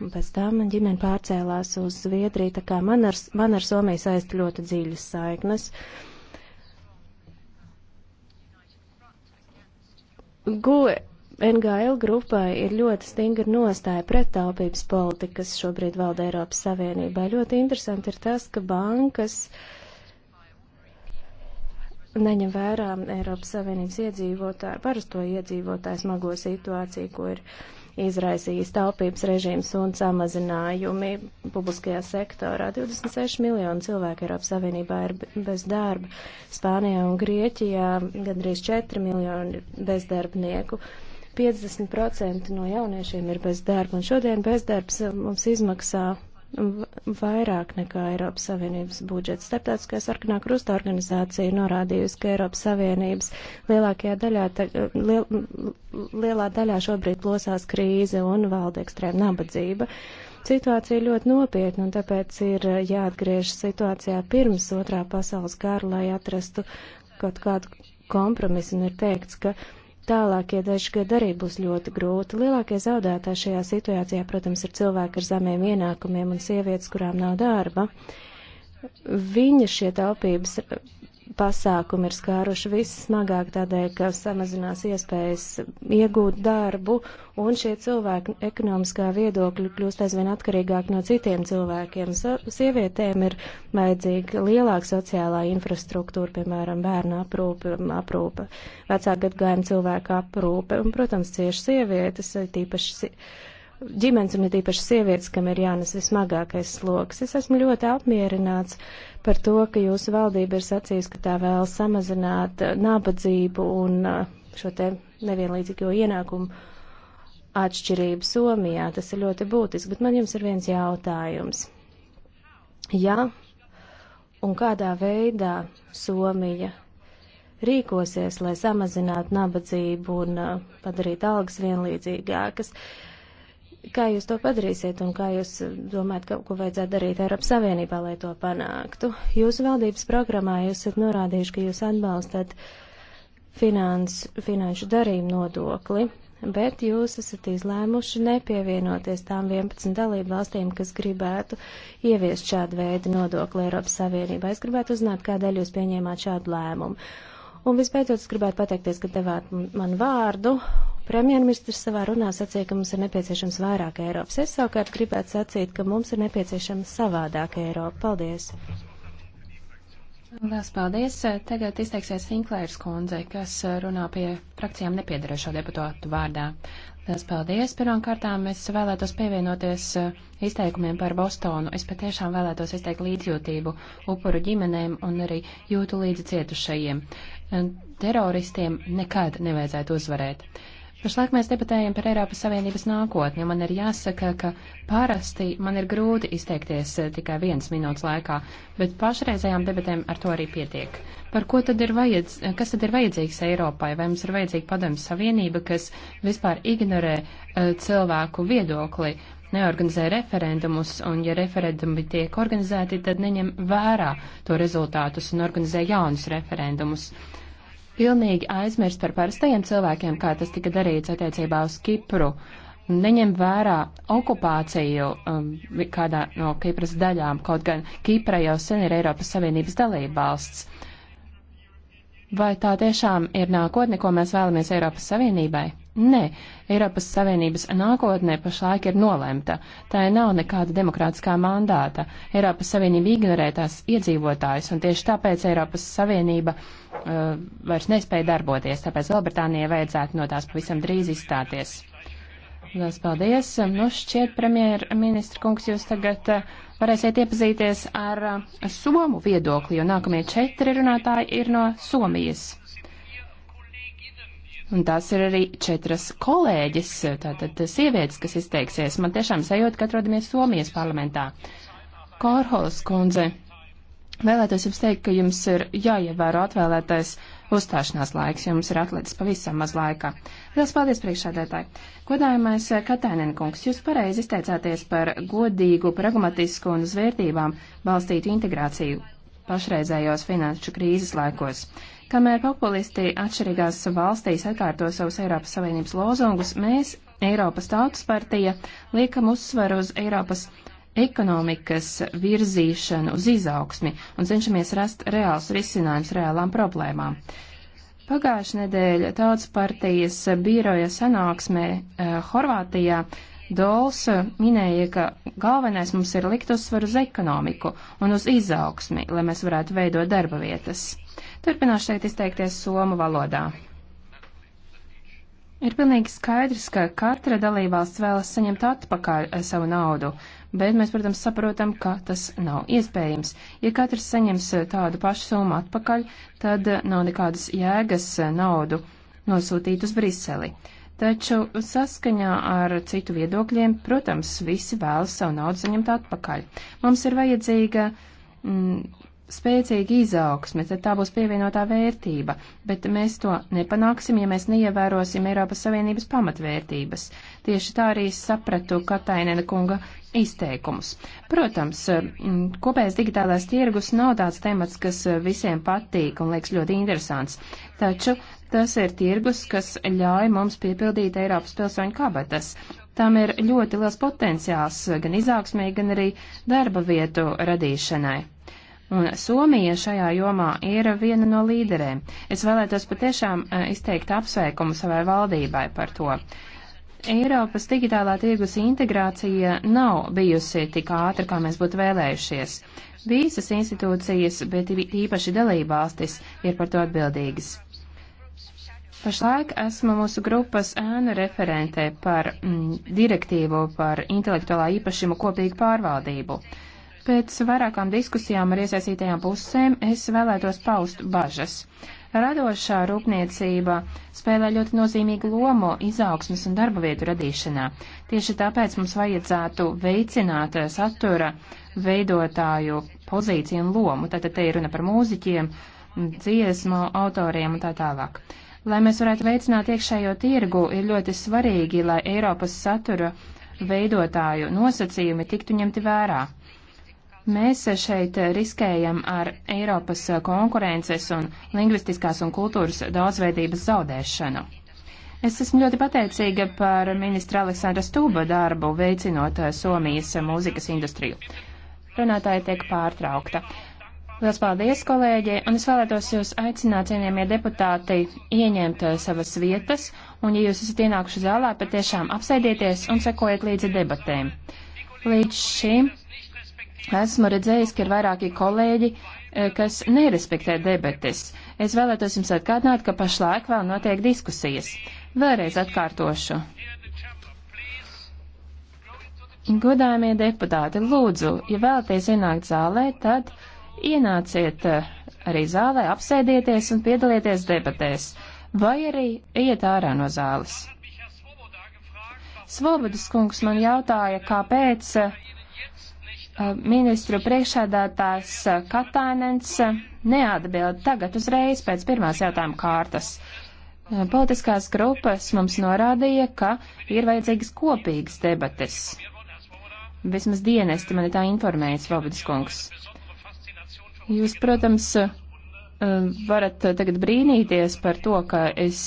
un pēc tam man ģimene pārcēlās uz Zviedriju, tā kā man ar, man ar Somiju saist ļoti dziļas saiknes. Goe NGL grupai ir ļoti stingra nostāja pret taupības politiku, kas šobrīd valda Eiropas Savienībā. Ļoti interesanti ir tas, ka bankas neņem vērā Eiropas Savienības iedzīvotāju, parasto iedzīvotāju smago situāciju, ko ir izraisījis taupības režīms un samazinājumi publiskajā sektorā. 26 miljoni cilvēku Eiropas Savienībā ir bez darba. Spānijā un Grieķijā gandrīz 4 miljoni bezdarbnieku. Uh, 50% no jauniešiem ir bez darba, un šodien bezdarbs eh, mums izmaksā vairāk nekā Eiropas Savienības budžets. Starptautiskā sarkanā krusta organizācija norādījusi, ka Eiropas Savienības lielākajā daļā, ta, eh, liel, lielā daļā šobrīd plosās krīze un valda ekstrēma nabadzība. Situācija ir ļoti nopietna, un tāpēc ir eh, jāatgriežas situācijā pirms otrā pasaules kara, lai atrastu kaut kādu kompromisu, un ir teikts, ka uh, Tālākie daži gadi arī būs ļoti grūti. Lielākie zaudētāji šajā situācijā, protams, ir cilvēki ar zemiem ienākumiem un sievietes, kurām nav darba. Viņa šie taupības pasākumi ir skāruši vissmagāk tādēļ, ka samazinās iespējas iegūt darbu, un šie cilvēki ekonomiskā viedokļa kļūst aizvien atkarīgāk no citiem cilvēkiem. So, sievietēm ir vajadzīga lielāka sociālā infrastruktūra, piemēram, bērnu aprūpe, aprūpe vecāku gadgājumu cilvēku aprūpe, un, protams, cieši sievietes, tīpaši sievietes ģimenes un it īpaši sievietes, kam ir jānes vismagākais sloks. Es esmu ļoti apmierināts par to, ka jūsu valdība ir sacījusi, ka tā vēl samazināt uh, nabadzību un uh, šo te nevienlīdzīgo ienākumu atšķirību Somijā. Tas ir ļoti būtiski, bet man jums ir viens jautājums. Ja un kādā veidā Somija rīkosies, lai samazinātu nabadzību un uh, padarītu algas vienlīdzīgākas? Uh, Kā jūs to padarīsiet un kā jūs eh, domājat, ka, ko vajadzētu darīt Eiropas Savienībā, lai to panāktu? Jūsu valdības programmā jūs esat norādījuši, ka jūs atbalstat finans, finanšu darījumu nodokli, bet jūs esat izlēmuši nepievienoties tām 11 dalību valstīm, kas gribētu ieviest šādu veidu nodokli Eiropas Savienībā. Es gribētu uzzināt, kādēļ jūs pieņēmāt šādu lēmumu. Un visbeidzot, es gribētu pateikties, ka devāt man vārdu Premjerministrs savā runā sacīja, ka mums ir nepieciešams vairāk Eiropas. Es savukārt gribētu sacīt, ka mums ir nepieciešama savādāka Eiropa. Paldies! Lielas paldies. Tagad izteiksies Sinklērs kundze, kas runā pie frakcijām nepiedarēšo deputātu vārdā. Lielas paldies. Pirmkārtām es vēlētos pievienoties eh, izteikumiem par Bostonu. Es patiešām vēlētos izteikt līdzjūtību upuru ģimenēm un arī jūtu līdzi cietušajiem. Eh, teroristiem nekad nevajadzētu uzvarēt. Pašlaik mēs debatējam par Eiropas Savienības nākotni, un man ir jāsaka, ka parasti man ir grūti izteikties eh, tikai viens minūtes laikā, bet pašreizējām debatēm ar to arī pietiek. Par ko tad ir vajadz, kas tad ir vajadzīgs Eiropai? Vai mums ir vajadzīga padomjas Savienība, kas vispār ignorē uh, cilvēku viedokli, neorganizē referendumus, un ja referendumi tiek organizēti, tad neņem vērā to rezultātus un organizē jaunus referendumus pilnīgi aizmirst par parastajiem cilvēkiem, kā tas tika darīts attiecībā uz Kipru, neņem vērā okupāciju um, kādā no Kipras daļām, kaut gan Kipra jau sen ir Eiropas Savienības dalībvalsts. Vai tā tiešām ir nākotne, ko mēs vēlamies Eiropas Savienībai? Nē, Eiropas Savienības nākotnē pašlaik ir nolemta. Tā nav nekāda demokrātiskā mandāta. Eiropas Savienība ignorē tās iedzīvotājus, un tieši tāpēc Eiropas Savienība uh, vairs nespēja darboties, tāpēc Lielbritānijai vajadzētu no tās pavisam drīz izstāties. Lielas paldies! Nu, šķiet, premjerministra kungs, jūs tagad uh, varēsiet iepazīties ar uh, somu viedokli, jo nākamie četri runātāji ir no Somijas. Un tās ir arī četras kolēģis, tātad sievietes, kas izteiksies. Man tiešām sajūta, ka atrodamies Somijas parlamentā. Korholas kundze, vēlētos jums teikt, ka jums ir jāievēro atvēlētais uzstāšanās laiks, jo mums ir atlicis pavisam maz laika. Lielas paldies priekšādētāji. Godājumais Katainen kungs, jūs pareizi izteicāties par godīgu, pragmatisku un uz vērtībām balstītu integrāciju pašreizējos finanšu krīzes laikos. Kamēr populisti atšķirīgās valstīs atkārto savus Eiropas Savienības lozungus, mēs, Eiropas Tautas partija, liekam uzsvaru uz Eiropas ekonomikas virzīšanu uz izaugsmi un cenšamies rast reāls risinājums reālām problēmām. Pagājušā nedēļa Tautas partijas biroja sanāksmē eh, Horvātijā Dols minēja, ka galvenais mums ir likt uzsvaru uz ekonomiku un uz izaugsmi, lai mēs varētu veidot darba vietas. Turpināšu šeit izteikties somu valodā. Ir pilnīgi skaidrs, ka katra dalībvalsts vēlas saņemt atpakaļ eh, savu naudu, bet mēs, protams, saprotam, ka tas nav iespējams. Ja katrs saņems eh, tādu pašu summu atpakaļ, tad eh, nav nekādas jēgas naudu nosūtīt uz Briseli. Taču saskaņā ar citu viedokļiem, protams, visi vēlas savu naudu saņemt atpakaļ. Mums ir vajadzīga mm, spēcīga izaugsme, tad tā būs pievienotā vērtība, bet mēs to nepanāksim, ja mēs neievērosim Eiropas Savienības pamatvērtības. Tieši tā arī sapratu Katainena kunga izteikumus. Protams, kopējais digitālais tirgus nav tāds temats, kas visiem patīk un liekas ļoti interesants, taču tas ir tirgus, kas ļauj mums piepildīt Eiropas pilsoņu kabatas. Tam ir ļoti liels potenciāls gan izaugsmē, gan arī darba vietu radīšanai. Un Somija šajā jomā ir viena no līderēm. Es vēlētos patiešām eh, izteikt apsveikumu savai valdībai par to. Eiropas digitālā tirgus integrācija nav bijusi tik ātra, kā mēs būtu vēlējušies. Visas institūcijas, bet īpaši dalībvalstis, ir par to atbildīgas. Pašlaik esmu mūsu grupas ēnu referentē par mm, direktīvu par intelektuālā īpašuma kopīgu pārvaldību. Uh, Pēc vairākām diskusijām ar iesaistītajām pusēm es vēlētos paust bažas. Radošā rūpniecība spēlē ļoti nozīmīgu lomu izaugsmas un darba vietu radīšanā. Tieši tāpēc mums vajadzētu veicināt satura veidotāju pozīciju un lomu. Tātad te ir runa par mūziķiem, dziesmu autoriem un tā tālāk. Lai mēs varētu veicināt iekšējo tirgu, ir ļoti svarīgi, lai Eiropas satura veidotāju nosacījumi tiktu ņemti vērā. Mēs šeit riskējam ar Eiropas konkurences un lingvistiskās un kultūras daudzveidības zaudēšanu. Es esmu ļoti pateicīga par ministra Aleksandra Stūba darbu, veicinot Somijas mūzikas industriju. Runātāja tiek pārtraukta. Lielas paldies, kolēģi, un es vēlētos jūs aicināt, cienījamie deputāti, ieņemt uh, savas vietas, un, ja jūs esat ienākuši zālē, patiešām apsēdieties un sekojiet līdzi debatēm. Līdz šim Esmu redzējis, ka ir vairāki kolēģi, eh, kas nerespektē debetes. Es vēlētos jums atkārtināt, ka pašlaik vēl notiek diskusijas. Vēlreiz atkārtošu. Godājumie deputāti, lūdzu, ja vēlaties ienākt zālē, tad ienāciet eh, arī zālē, apsēdieties un piedalieties debatēs, vai arī iet ārā no zāles. Svobodas kungs man jautāja, kāpēc eh, Uh, ministru priekšādātājs uh, Katainens uh, neatbild tagad uzreiz pēc pirmās jautājuma kārtas. Politiskās grupas mums norādīja, ka ir vajadzīgas kopīgas debates. Vismaz dienesti man ir tā informēja, Svobodas kungs. Jūs, protams, varat tagad brīnīties par to, ka es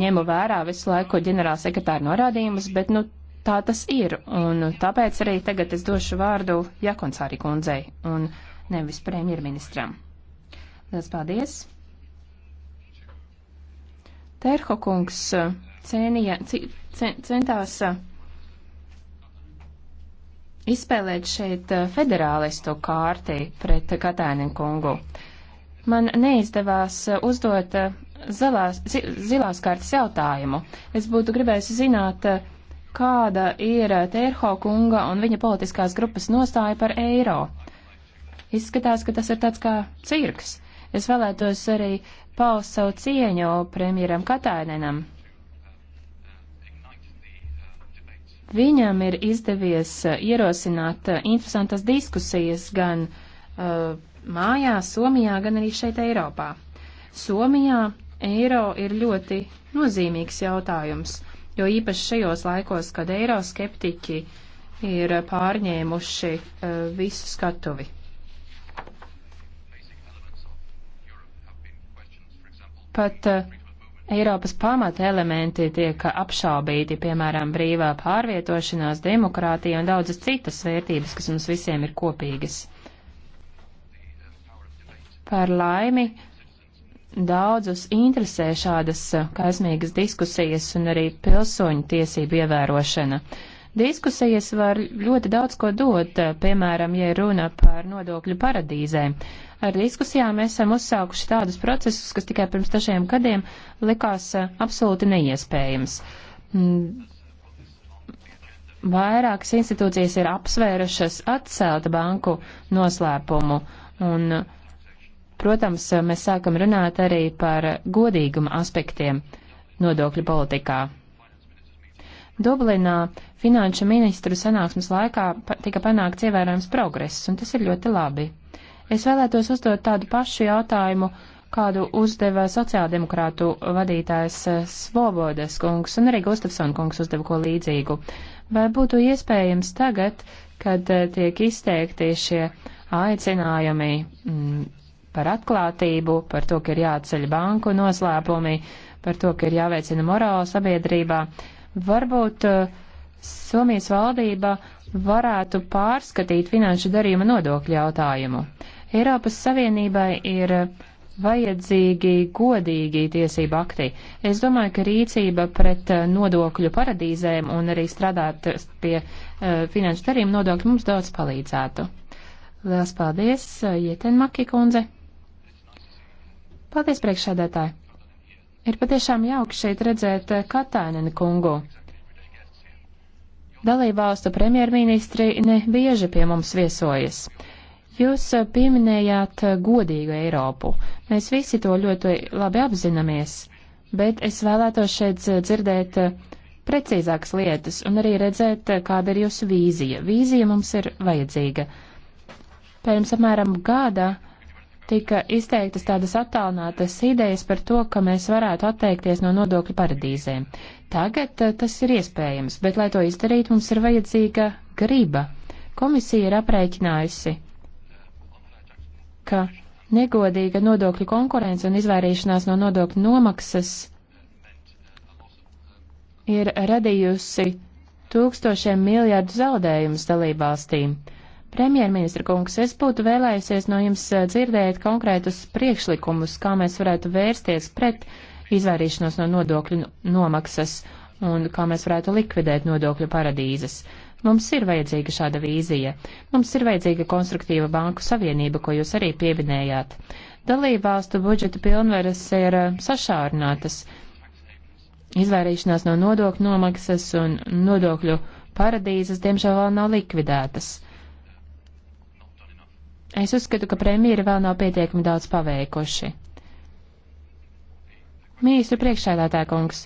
ņemu vērā visu laiku ģenerāla sekretāra norādījumus, bet nu tā tas ir, un tāpēc arī tagad es došu vārdu Jakonsāri kundzei un nevis premjerministram. Lielas paldies! Terho kungs uh, cēnija, centās uh, izspēlēt šeit uh, federālistu kārti pret Katainen kungu. Man neizdevās uzdot zilās, zilās kārtas jautājumu. Es būtu gribējusi zināt, uh, kāda ir Tērho kunga un viņa politiskās grupas nostāja par eiro. Izskatās, ka tas ir tāds kā cirks. Es vēlētos arī paust savu cieņu premjeram Katainenam. Viņam ir izdevies ierosināt interesantas diskusijas gan uh, mājās, Somijā, gan arī šeit Eiropā. Somijā eiro ir ļoti nozīmīgs jautājums jo īpaši šajos laikos, kad eiroskeptiķi ir pārņēmuši eh, visu skatuvi. Pat eh, Eiropas pamata elementi tiek apšaubīti, piemēram, brīvā pārvietošanās, demokrātija un daudzas citas vērtības, kas mums visiem ir kopīgas. Par laimi, Daudzus interesē šādas eh, kaismīgas diskusijas un arī pilsoņu tiesību ievērošana. Diskusijas var ļoti daudz ko dot, eh, piemēram, ja runa par nodokļu paradīzēm. Ar diskusijām esam uzsākuši tādus procesus, kas tikai pirms dažiem gadiem likās eh, absolūti neiespējams. Mm. Vairākas institūcijas ir apsvērušas atcelta banku noslēpumu un uh, Protams, mēs sākam runāt arī par godīguma aspektiem nodokļu politikā. Dublinā finanšu ministru sanāksmes laikā tika panākts ievērojams progress, un tas ir ļoti labi. Es vēlētos uzdot tādu pašu jautājumu, kādu uzdeva sociāldemokrātu vadītājs eh, Svobodas kungs un arī Gustafson kungs uzdeva ko līdzīgu. Vai būtu iespējams tagad, kad eh, tiek izteikti šie aicinājumi mm, par atklātību, par to, ka ir jāceļ banku noslēpumi, par to, ka ir jāveicina morāla sabiedrībā. Varbūt uh, Somijas valdība varētu pārskatīt finanšu darījuma nodokļu jautājumu. Eiropas Savienībai ir vajadzīgi godīgi tiesību akti. Es domāju, ka rīcība pret eh, nodokļu paradīzēm un arī strādāt pie uh, finanšu darījuma nodokļu mums daudz palīdzētu. Lielas paldies, Jeten Maki kundze! Paldies, priekšsēdētāji! Ir patiešām jauki šeit redzēt eh, Kataineni kungu. Dalībvalstu premjerministri ne bieži pie mums viesojas. Jūs eh, pieminējāt eh, godīgu Eiropu. Mēs visi to ļoti labi apzināmies, bet es vēlētos šeit dzirdēt precīzākas lietas un arī redzēt, kāda ir jūsu vīzija. Vīzija mums ir vajadzīga. Pirms apmēram gada tika izteiktas tādas attālinātas idejas par to, ka mēs varētu atteikties no nodokļu paradīzēm. Tagad eh, tas ir iespējams, bet, lai to izdarītu, mums ir vajadzīga griba. Komisija ir aprēķinājusi, ka negodīga nodokļu konkurence un izvairīšanās no nodokļu nomaksas ir radījusi tūkstošiem miljārdu zaudējumus dalībvalstīm. valstīm Premjerministra kungs, es būtu vēlējusies no jums eh, dzirdēt konkrētus priekšlikumus, kā mēs varētu vērsties pret izvairīšanos no nodokļu nomaksas un kā mēs varētu likvidēt nodokļu paradīzes. Mums ir vajadzīga šāda vīzija. Mums ir vajadzīga konstruktīva banku savienība, ko jūs arī pieminējāt. Dalībvalstu budžeta pilnveres ir eh, sašārinātas. Izvairīšanās no nodokļu nomaksas un nodokļu paradīzes diemžēl vēl nav likvidētas. Es uzskatu, ka premjeri vēl nav pietiekami daudz paveikuši. Mīstu priekšsēdētā kungs,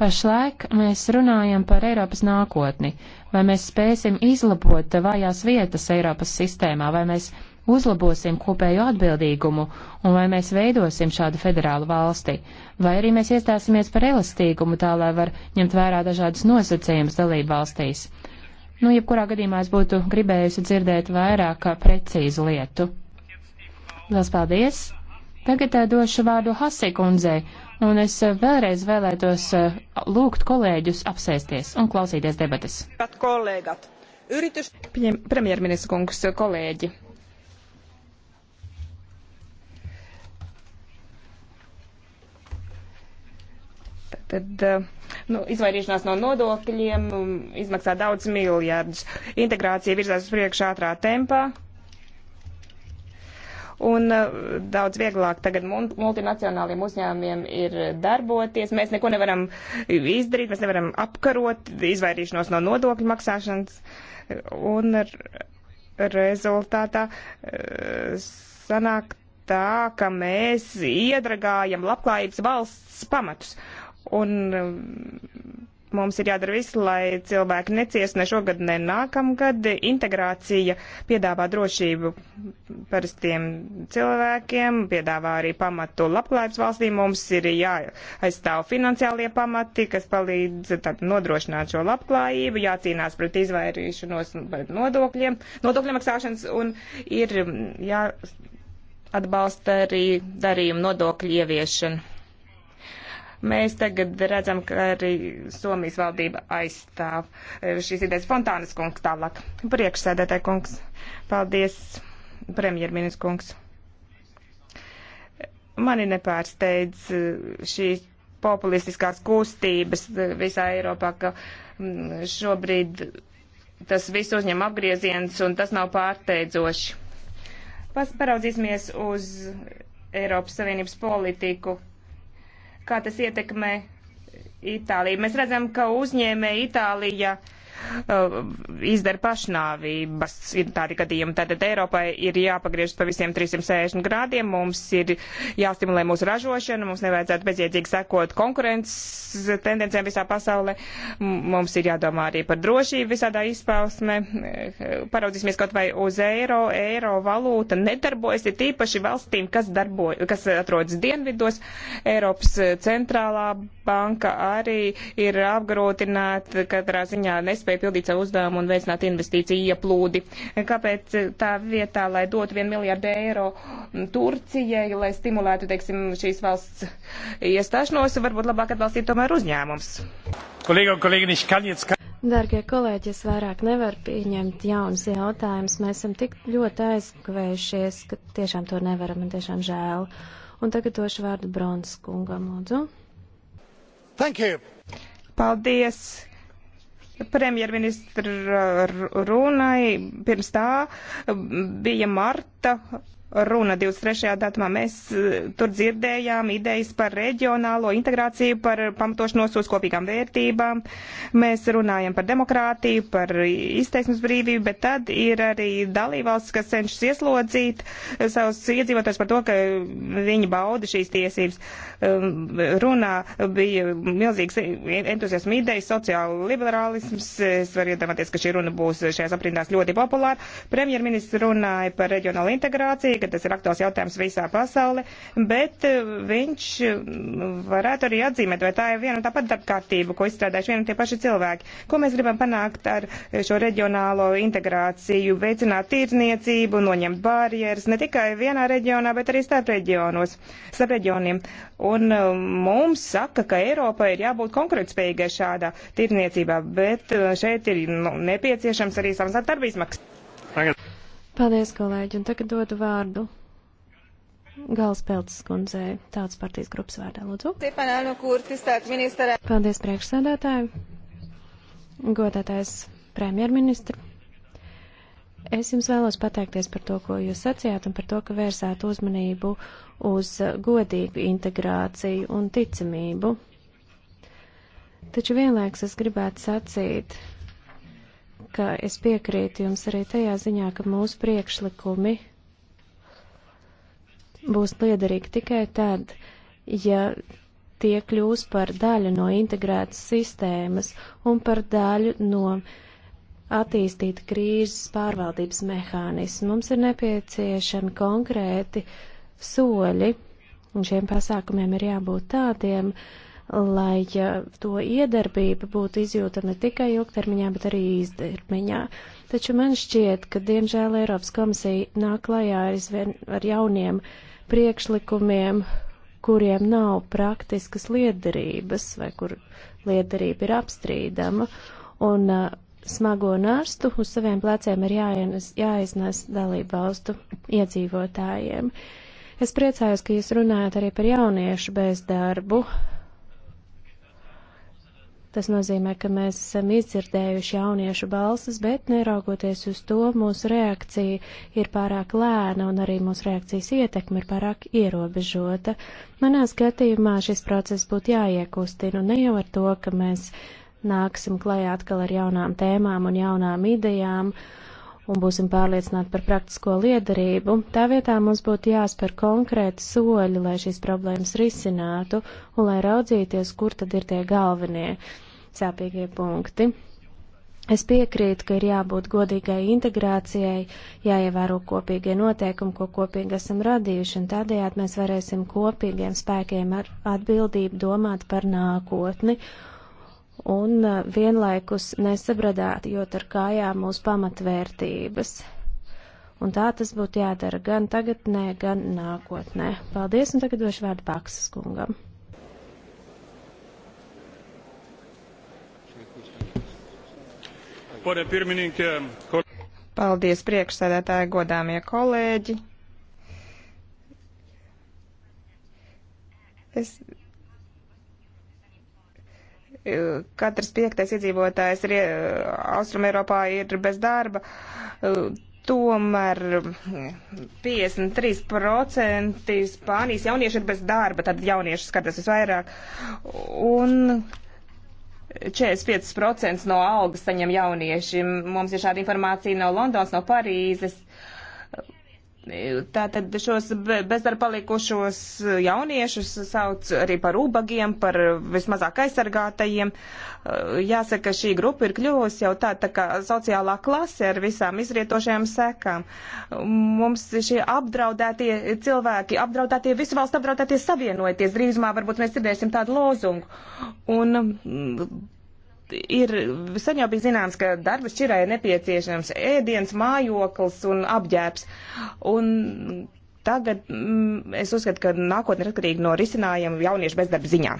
pašlaik mēs runājam par Eiropas nākotni, vai mēs spēsim izlabot vājās vietas Eiropas sistēmā, vai mēs uzlabosim kopējo atbildīgumu un vai mēs veidosim šādu federālu valsti, vai arī mēs iestāsimies par elastīgumu tā, lai var ņemt vērā dažādas nosacījumus dalību valstīs. Nu, jebkurā gadījumā es būtu gribējusi dzirdēt vairāk precīzu lietu. Lielas paldies! Tagad eh, došu vārdu Hasikundzei, un es eh, vēlreiz vēlētos eh, lūgt kolēģus apsēsties un klausīties debatas. Premjerministra kungs, kolēģi! tad eh, nu, izvairīšanās no nodokļiem um, izmaksā daudz miljardus. Integrācija virzās uz priekšu ātrā tempā. Un eh, daudz vieglāk tagad multinacionāliem uzņēmumiem ir darboties. Mēs neko nevaram izdarīt, mēs nevaram apkarot izvairīšanos no nodokļu maksāšanas. Un rezultātā eh, sanāk tā, ka mēs iedragājam labklājības valsts pamatus. Un um, mums ir jādara viss, lai cilvēki neciestu ne šogad, ne nākamgad. Integrācija piedāvā drošību parastiem cilvēkiem, piedāvā arī pamatu labklājības valstī. Mums ir jāaizstāv finansiālie pamati, kas palīdz tad, nodrošināt šo labklājību, jācīnās pret izvairīšanos pret nodokļiem, nodokļu maksāšanas un ir mm, jā atbalsta arī darījuma nodokļu ieviešanu. Mēs tagad redzam, ka arī Somijas valdība aizstāv e, šīs idejas fontānas kungs tālāk. Priekšsēdētāji kungs. Paldies, premjerministrs kungs. Mani nepārsteidz e, šīs populistiskās kustības e, visā Eiropā, ka šobrīd tas viss uzņem apgrieziens un tas nav pārsteidzoši. Paraudzīsimies uz Eiropas Savienības politiku kā tas ietekmē Itāliju. Mēs redzam, ka uzņēmē Itālija Uh, izdara pašnāvības. Ir tādi gadījumi. Tātad Eiropai ir jāpagriežas pa visiem 360 grādiem, mums ir jāstimulē mūsu ražošana, mums nevajadzētu bezjēdzīgi sekot konkurences tendencēm visā pasaulē, mums ir jādomā arī par drošību visādā izpausmē. Paraudzīsimies kaut vai uz eiro, eiro valūta nedarbojas, ir tīpaši valstīm, kas, darbo, kas atrodas dienvidos. Eiropas centrālā banka arī ir apgrūtināta katrā ziņā nespējīga nespēja pildīt savu uzdevumu un veicināt investīciju ieplūdi. Kāpēc tā vietā, lai dotu 1 miljārdu eiro Turcijai, lai stimulētu, teiksim, šīs valsts iestāšanos, varbūt labāk atbalstīt tomēr uzņēmums? Kolēģi un kolēģi, es kan jetzt... Dārgie kolēģi, es vairāk nevaru pieņemt jaunas jautājumus. Mēs esam tik ļoti aizkavējušies, ka tiešām to nevaram, man tiešām žēl. Un tagad došu vārdu Bronsas kungam, lūdzu. Thank you! Paldies! premjerministra runai pirms tā bija marta runa 23. datumā. Mēs eh, tur dzirdējām idejas par reģionālo integrāciju, par pamatošanos uz kopīgām vērtībām. Mēs runājam par demokrātiju, par izteiksmes brīvību, bet tad ir arī dalībvalsts, kas cenšas ieslodzīt eh, savus iedzīvotājus par to, ka viņi bauda šīs tiesības. Um, runā bija milzīgs e-, entuziasma idejas, sociāla liberālisms. Es varu iedomāties, ka šī runa būs šajās aprindās ļoti populāra. Premjerministrs runāja par reģionālu integrāciju, ka tas ir aktuāls jautājums visā pasaulē, bet eh, viņš mm, varētu arī atzīmēt, vai tā ir viena un tā pati darbkārtība, ko izstrādājuši vieni un tie paši cilvēki. Ko mēs gribam panākt ar šo reģionālo integrāciju, veicināt tirniecību, noņemt barjeras ne tikai vienā reģionā, bet arī starp reģionos, starp reģioniem. Un eh, mums saka, ka Eiropa ir jābūt konkurētspējīgai šādā tirniecībā, bet eh, šeit ir nu, nepieciešams arī samazināt darbīsmaksas. Paldies, kolēģi, un tagad dodu vārdu Galspēltas kundzei, tautas partijas grupas vārdā, lūdzu. Paldies, priekšsēdētāji, godātais premjerministri. Es jums vēlos pateikties par to, ko jūs sacījāt, un par to, ka vērsāt uzmanību uz godīgu integrāciju un ticamību. Taču vienlaiks es gribētu sacīt, ka es piekrītu jums arī tajā ziņā, ka mūsu priekšlikumi būs liederīgi tikai tad, ja tie kļūs par daļu no integrētas sistēmas un par daļu no attīstīta krīzes pārvaldības mehānismu. Mums ir nepieciešami konkrēti soļi, un šiem pasākumiem ir jābūt tādiem, uh, lai to iedarbība būtu izjūta ne tikai ilgtermiņā, bet arī īstermiņā. Taču man šķiet, ka diemžēl Eiropas komisija nāk klajā ar, izvien, ar jauniem priekšlikumiem, kuriem nav praktiskas liederības vai kur liederība ir apstrīdama. Un uh, smago nārstu uz saviem pleciem ir jāienes, jāiznes dalību valstu iedzīvotājiem. Es priecājos, ka jūs runājat arī par jauniešu bezdarbu, Tas nozīmē, ka mēs esam izdzirdējuši jauniešu balsis, bet neraugoties uz to, mūsu reakcija ir pārāk lēna un arī mūsu reakcijas ietekme ir pārāk ierobežota. Manā skatījumā šis process būtu jāiekustina un ne jau ar to, ka mēs nāksim klajā atkal ar jaunām tēmām un jaunām idejām un būsim pārliecināti par praktisko liederību. Tā vietā mums būtu jāspēr konkrēti soļi, lai šīs problēmas risinātu un lai raudzīties, kur tad ir tie galvenie sāpīgie punkti. Es piekrītu, ka ir jābūt godīgai integrācijai, jāievēro kopīgie noteikumi, ko kopīgi esam radījuši, un tādējādi mēs varēsim kopīgiem spēkiem ar atbildību domāt par nākotni un uh, vienlaikus nesabradāt, jo ar kājām mūsu pamatvērtības. Un tā tas būtu jādara gan tagadnē, gan nākotnē. Paldies, un tagad došu vārdu Paksas kungam. pone pirmininkė. Paldies priekšsēdētāji, godāmie kolēģi. Es katrs piektais iedzīvotājs ir Austrum Eiropā ir bez darba. Tomēr 53% Spānijas jaunieši ir bez darba, tad jaunieši skatās visvairāk. Un 45% no algas saņem jaunieši. Mums ir šāda informācija no Londonas, no Parīzes. Uh, Tātad šos bezdarba palikušos jauniešus sauc arī par ubagiem, par vismazāk aizsargātajiem. Eh, jāsaka, šī grupa ir kļuvusi jau tā, tā kā sociālā klase ar visām izrietošajām sekām. Mums šie apdraudētie cilvēki, apdraudētie, visu valstu apdraudētie savienojoties. Drīzumā varbūt mēs dzirdēsim tādu lozungu. Un ir sen jau bija zināms, ka darba šķirai ir nepieciešams ēdiens, mājoklis un apģērbs. Un tagad mm, es uzskatu, ka nākotne ir atkarīga no risinājuma jauniešu bezdarba ziņā.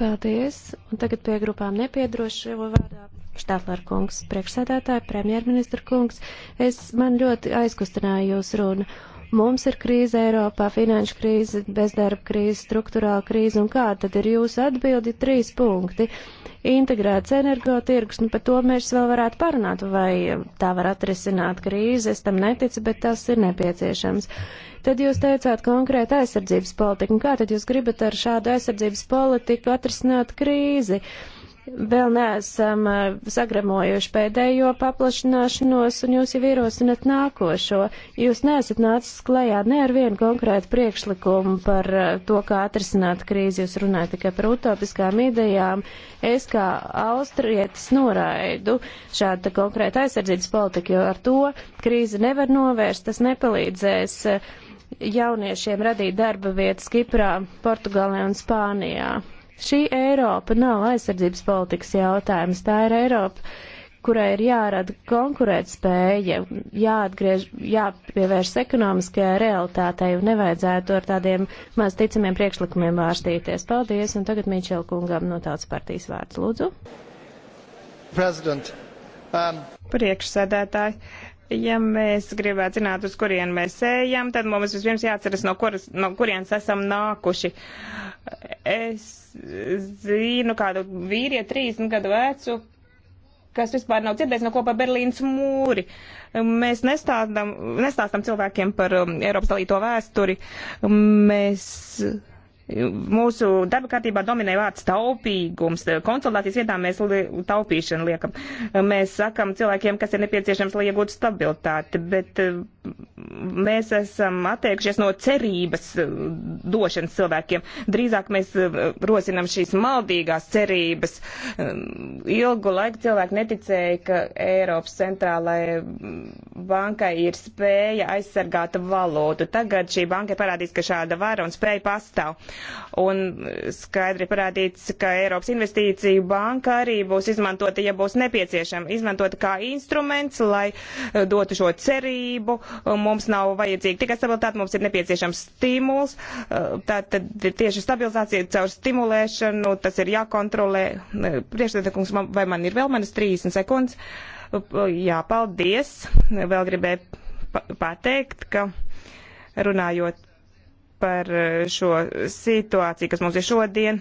Paldies. Un tagad pie grupām nepiedrošu vārdā. Štāflēr kungs, priekšsēdētāji, premjerministra kungs, es man ļoti aizkustināju jūs runu. Mums ir krīze Eiropā, finanšu krīze, bezdarba krīze, struktūrāla krīze, un kāda tad ir jūsu atbildi? Trīs punkti. Integrēts energotirgus, nu par to mēs vēl varētu parunāt, vai tā var atrisināt krīzi, es tam neticu, bet tas ir nepieciešams. Tad jūs teicāt konkrēta aizsardzības politika, un kā tad jūs gribat ar šādu aizsardzības politiku atrisināt krīzi? Uh, vēl neesam eh, sagremojuši pēdējo paplašināšanos, un jūs jau ierosinat nākošo. Jūs neesat nācis klajā ne ar vienu konkrētu priekšlikumu par eh, to, kā atrisināt krīzi, jūs runājat tikai par utopiskām idejām. Es kā austrietis noraidu šādu konkrētu aizsardzības politiku, jo ar to krīzi nevar novērst, tas nepalīdzēs eh, jauniešiem radīt darba vietas Kiprā, Portugālē un Spānijā. Šī Eiropa nav aizsardzības politikas jautājums, tā ir Eiropa, kurai ir jārada konkurētspēja, jāatgriež, jāpievērš ekonomiskajai realitātei un nevajadzētu ar tādiem maz ticamiem priekšlikumiem vārstīties. Paldies, un tagad Mičela kungam no tautas partijas vārds lūdzu. President. Um... Priekšsēdētāji. Ja mēs gribētu zināt, uz kurien mēs ejam, tad mums vispirms jāatceras, no, kuras, no kurienes esam nākuši. Es zinu kādu vīrieti, 30 gadu vecu, kas vispār nav dzirdējis neko par Berlīnas mūri. Mēs nestāstam, nestāstam cilvēkiem par um, Eiropas dalīto vēsturi. Mēs Mūsu darba kārtībā dominē vārds taupīgums. Konsultācijas vietā mēs li taupīšanu liekam. Mēs sakam cilvēkiem, kas ir nepieciešams, lai iegūtu stabilitāti, bet eh, mēs esam atteikušies no cerības eh, došanas cilvēkiem. Drīzāk mēs eh, rosinam šīs maldīgās cerības. Ilgu laiku cilvēki neticēja, ka Eiropas centrālajai mm, bankai ir spēja aizsargāt valūtu. Tagad šī banka parādīs, ka šāda vara un spēja pastāv. Un skaidri parādīts, ka Eiropas investīcija banka arī būs izmantota, ja būs nepieciešama, izmantota kā instruments, lai eh, dotu šo cerību. Mums nav vajadzīga tikai stabilitāte, mums ir nepieciešams stimuls. Eh, tātad tieši stabilizācija caur stimulēšanu, tas ir jākontrolē. Eh, Priekšsēdētājs, vai man ir vēl manas 30 sekundes? Jā, paldies. Vēl gribēju pateikt, ka runājot par eh, šo situāciju, kas mums ir šodien.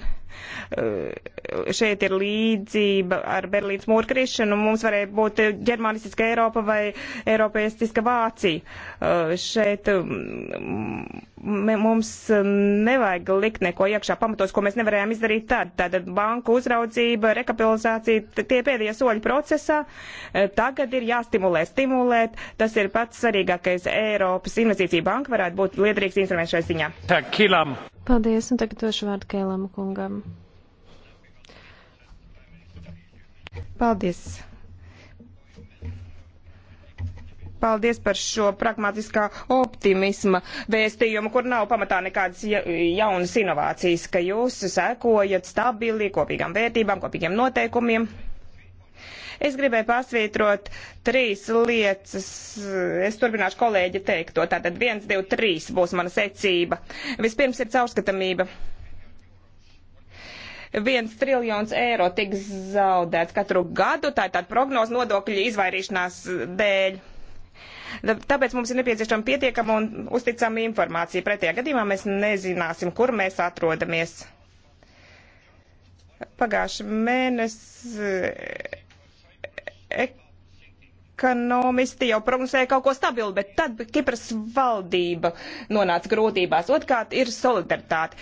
Eh, šeit ir līdzība ar Berlīnas mūra krišanu. Mums varēja būt ģermānistiska Eiropa vai eiropeistiska Vācija. Eh, šeit mm, mums eh, nevajag likt neko iekšā pamatos, ko mēs nevarējām izdarīt tad. Tātad banku uzraudzība, rekapitalizācija, tie pēdējie soļi procesā eh, tagad ir jāstimulē, stimulēt. Tas ir pats svarīgākais Eiropas investīcija banka varētu būt liederīgs instruments šai ziņā. Tā, kilam. Paldies, un tagad došu vārdu Kēlam kungam. Paldies. Paldies par šo pragmatiskā optimisma vēstījumu, kur nav pamatā nekādas jaunas inovācijas, ka jūs sekojat stabili kopīgām vērtībām, kopīgiem noteikumiem. Es gribēju pasvītrot trīs lietas. Es turpināšu kolēģi teikto. Tātad viens, divi, trīs būs mana secība. Vispirms ir caurskatamība viens triljons eiro tiks zaudēts katru gadu, tā ir tāda prognoze nodokļu izvairīšanās dēļ. Tāpēc mums ir nepieciešama pietiekama un uzticama informācija. Pretējā gadījumā mēs nezināsim, kur mēs atrodamies. Pagājuši mēnesi ek eh, ekonomisti jau prognozēja kaut ko stabilu, bet tad Kipras valdība nonāca grūtībās. Otkārt ir solidaritāte.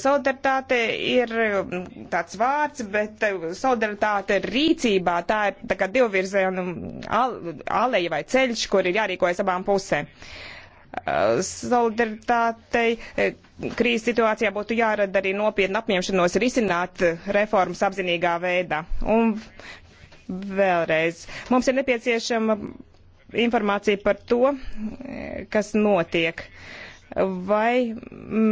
Solidaritāte ir mm, tāds vārds, bet eh, solidaritāte rīcībā tā ir tā kā divvirzienu mm, aleja vai ceļš, kur ir jārīkojas abām pusēm. Eh, solidaritātei eh, krīzes situācijā būtu jārada arī nopietna apņemšanos risināt reformas apzinīgā veidā. Un vēlreiz. Mums ir nepieciešama informācija par to, kas notiek. Vai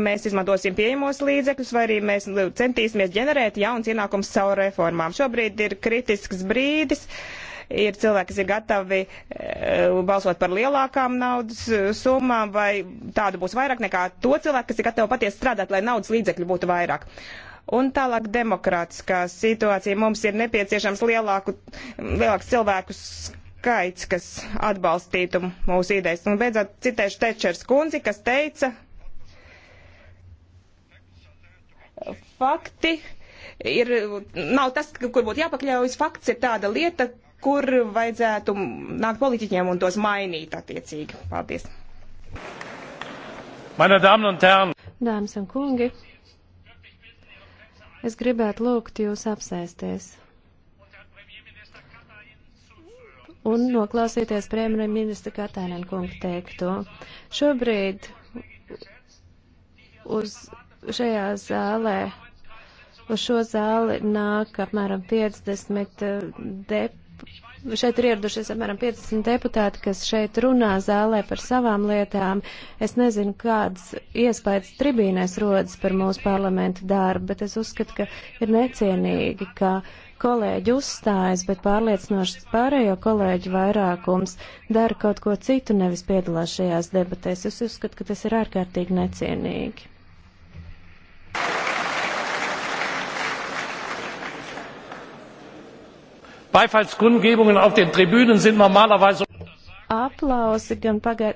mēs izmantosim pieejamos līdzekļus, vai arī mēs centīsimies ģenerēt jauns ienākums savu reformām. Šobrīd ir kritisks brīdis. Ir cilvēki, kas ir gatavi eh, balsot par lielākām naudas eh, summām, vai tādu būs vairāk nekā to cilvēku, kas ir gatavi patiesi strādāt, lai naudas līdzekļu būtu vairāk. Uh, Un tālāk demokrātiskā situācija. Mums ir nepieciešams lielāku, lielāks cilvēku skaits, kas atbalstītu mūsu idejas. Un beidzot citēšu Tečers kundzi, kas teica, fakti ir, nav tas, kur būtu jāpakļaujas. Fakts ir tāda lieta, kur vajadzētu nākt politiķiem un tos mainīt attiecīgi. Paldies. Mana dāmas un tēni. Dāmas un kungi. Es gribētu lūgt jūs apsēsties un noklausīties premjerministra Katēnena kunga teikto. Šobrīd uz šajā zālē, uz šo zāli nāk apmēram 50 eh, deputāti Šeit ir ieradušies apmēram 50 deputāti, kas šeit runā zālē par savām lietām. Es nezinu, kāds iespējas tribīnēs rodas par mūsu parlamentu darbu, bet es uzskatu, ka ir necienīgi, ka kolēģi uzstājas, bet pārliecinoši pārējo kolēģu vairākums dara kaut ko citu, nevis piedalās šajās debatēs. Es uzskatu, ka tas ir ārkārtīgi necienīgi. beifallskundgebungen auf den tribünen sind normalerweise aplausi gan, pagai,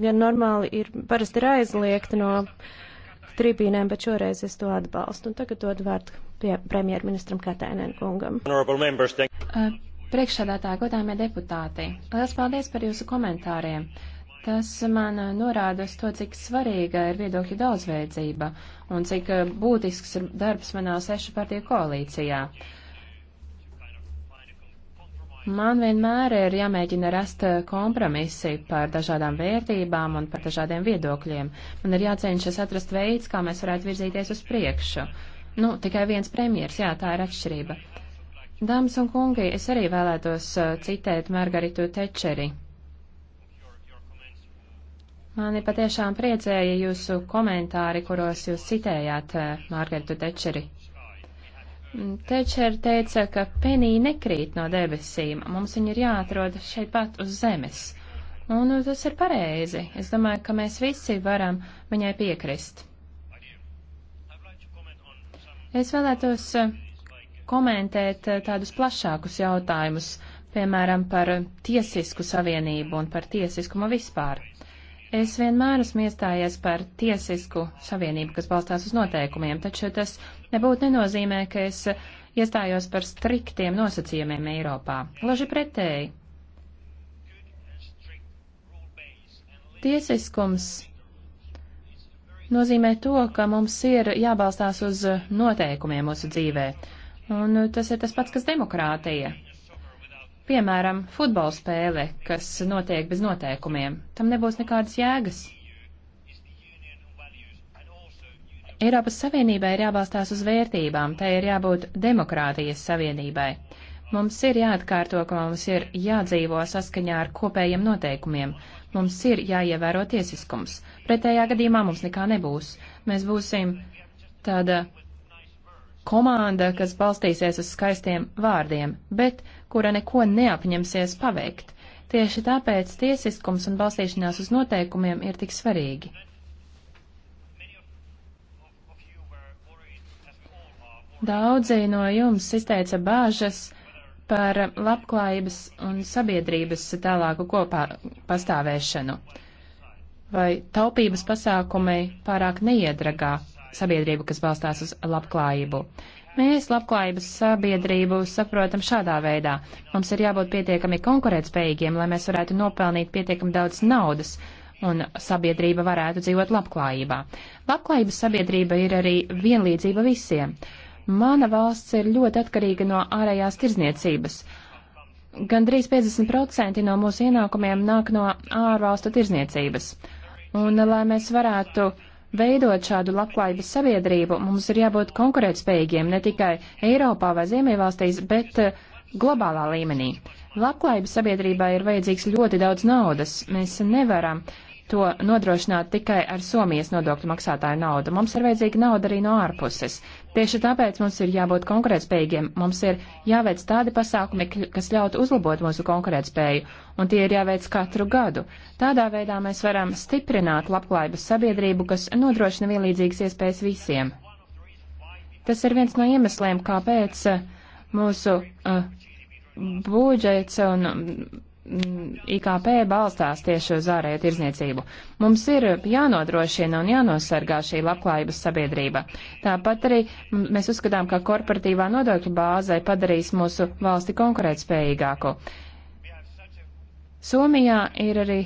gan normāli ir parasti ir aizliegti no tribīnēm, bet šoreiz es to atbalstu. Un tagad dod vārdu pie premjerministram Katēnēn kungam. Uh, Priekšsādātā godāmie deputāti, liels paldies par jūsu komentāriem. Tas man norāda uz to, cik svarīga ir viedokļu daudzveidzība un cik būtisks ir darbs manā sešu partiju koalīcijā. Uh, Man vienmēr ir jāmēģina rast eh, kompromisi par dažādām vērtībām un par dažādiem viedokļiem. Man ir jācenšas atrast veids, kā mēs varētu virzīties uz priekšu. Nu, tikai viens premjers, jā, tā ir atšķirība. Dāmas un kungi, es arī vēlētos eh, citēt Margaritu Tečeri. Mani patiešām priecēja jūsu komentāri, kuros jūs citējāt eh, Margaritu Tečeri. Tečer teica, ka penī nekrīt no debesīm, mums viņi ir jāatrod šeit pat uz zemes. Un tas ir pareizi. Es domāju, ka mēs visi varam viņai piekrist. Es vēlētos eh, komentēt eh, tādus plašākus jautājumus, piemēram, par tiesisku savienību un par tiesiskumu vispār. Es vienmēr esmu iestājies par tiesisku savienību, kas balstās uz noteikumiem, taču tas nebūtu nenozīmē, ka es iestājos par striktiem nosacījumiem Eiropā. Laži pretēji. Tiesiskums nozīmē to, ka mums ir jābalstās uz noteikumiem mūsu dzīvē. Un tas ir tas pats, kas demokrātija. Piemēram, futbola spēle, kas notiek bez noteikumiem, tam nebūs nekādas jēgas. Eiropas Savienībai ir jābalstās uz vērtībām, tai ir jābūt demokrātijas savienībai. Mums ir jāatkārto, ka mums ir jādzīvo saskaņā ar kopējiem noteikumiem. Mums ir jāievēro tiesiskums. Pretējā gadījumā mums nekā nebūs. Mēs būsim tāda komanda, kas balstīsies uz skaistiem vārdiem, bet kura neko neapņemsies paveikt. Tieši tāpēc tiesiskums un balstīšanās uz noteikumiem ir tik svarīgi. Daudzi no jums izteica bāžas par labklājības un sabiedrības tālāku kopā pastāvēšanu. Vai taupības pasākumi pārāk neiedragā sabiedrību, kas balstās uz labklājību? Mēs labklājības sabiedrību saprotam šādā veidā. Mums ir jābūt pietiekami konkurētspējīgiem, lai mēs varētu nopelnīt pietiekami daudz naudas un sabiedrība varētu dzīvot labklājībā. Labklājības sabiedrība ir arī vienlīdzība visiem. Mana valsts ir ļoti atkarīga no ārējās tirzniecības. Gandrīz 50% no mūsu ienākumiem nāk no ārvalstu tirzniecības. Un, lai mēs varētu veidot šādu labklājības sabiedrību, mums ir jābūt konkurētspējīgiem ne tikai Eiropā vai Ziemeļvalstīs, bet eh, globālā līmenī. Labklājības sabiedrībā ir vajadzīgs ļoti daudz naudas. Mēs nevaram uh, to nodrošināt tikai ar Somijas nodokļu maksātāju naudu. Mums ir vajadzīga nauda arī no ārpuses. Tieši tāpēc mums ir jābūt konkurētspējīgiem. Mums ir jāveic tādi pasākumi, kas ļautu uzlabot mūsu konkurētspēju, un tie ir jāveic katru gadu. Tādā veidā mēs varam stiprināt labklājības sabiedrību, kas nodrošina vienlīdzīgas iespējas visiem. Tas ir viens no iemesliem, kāpēc eh, mūsu uh, budžets un IKP balstās tieši uz ārēju tirzniecību. Mums ir jānodrošina un jānosargā šī labklājības sabiedrība. Tāpat arī mēs uzskatām, ka korporatīvā nodokļu bāze padarīs mūsu valsti konkurētspējīgāku. Somijā ir arī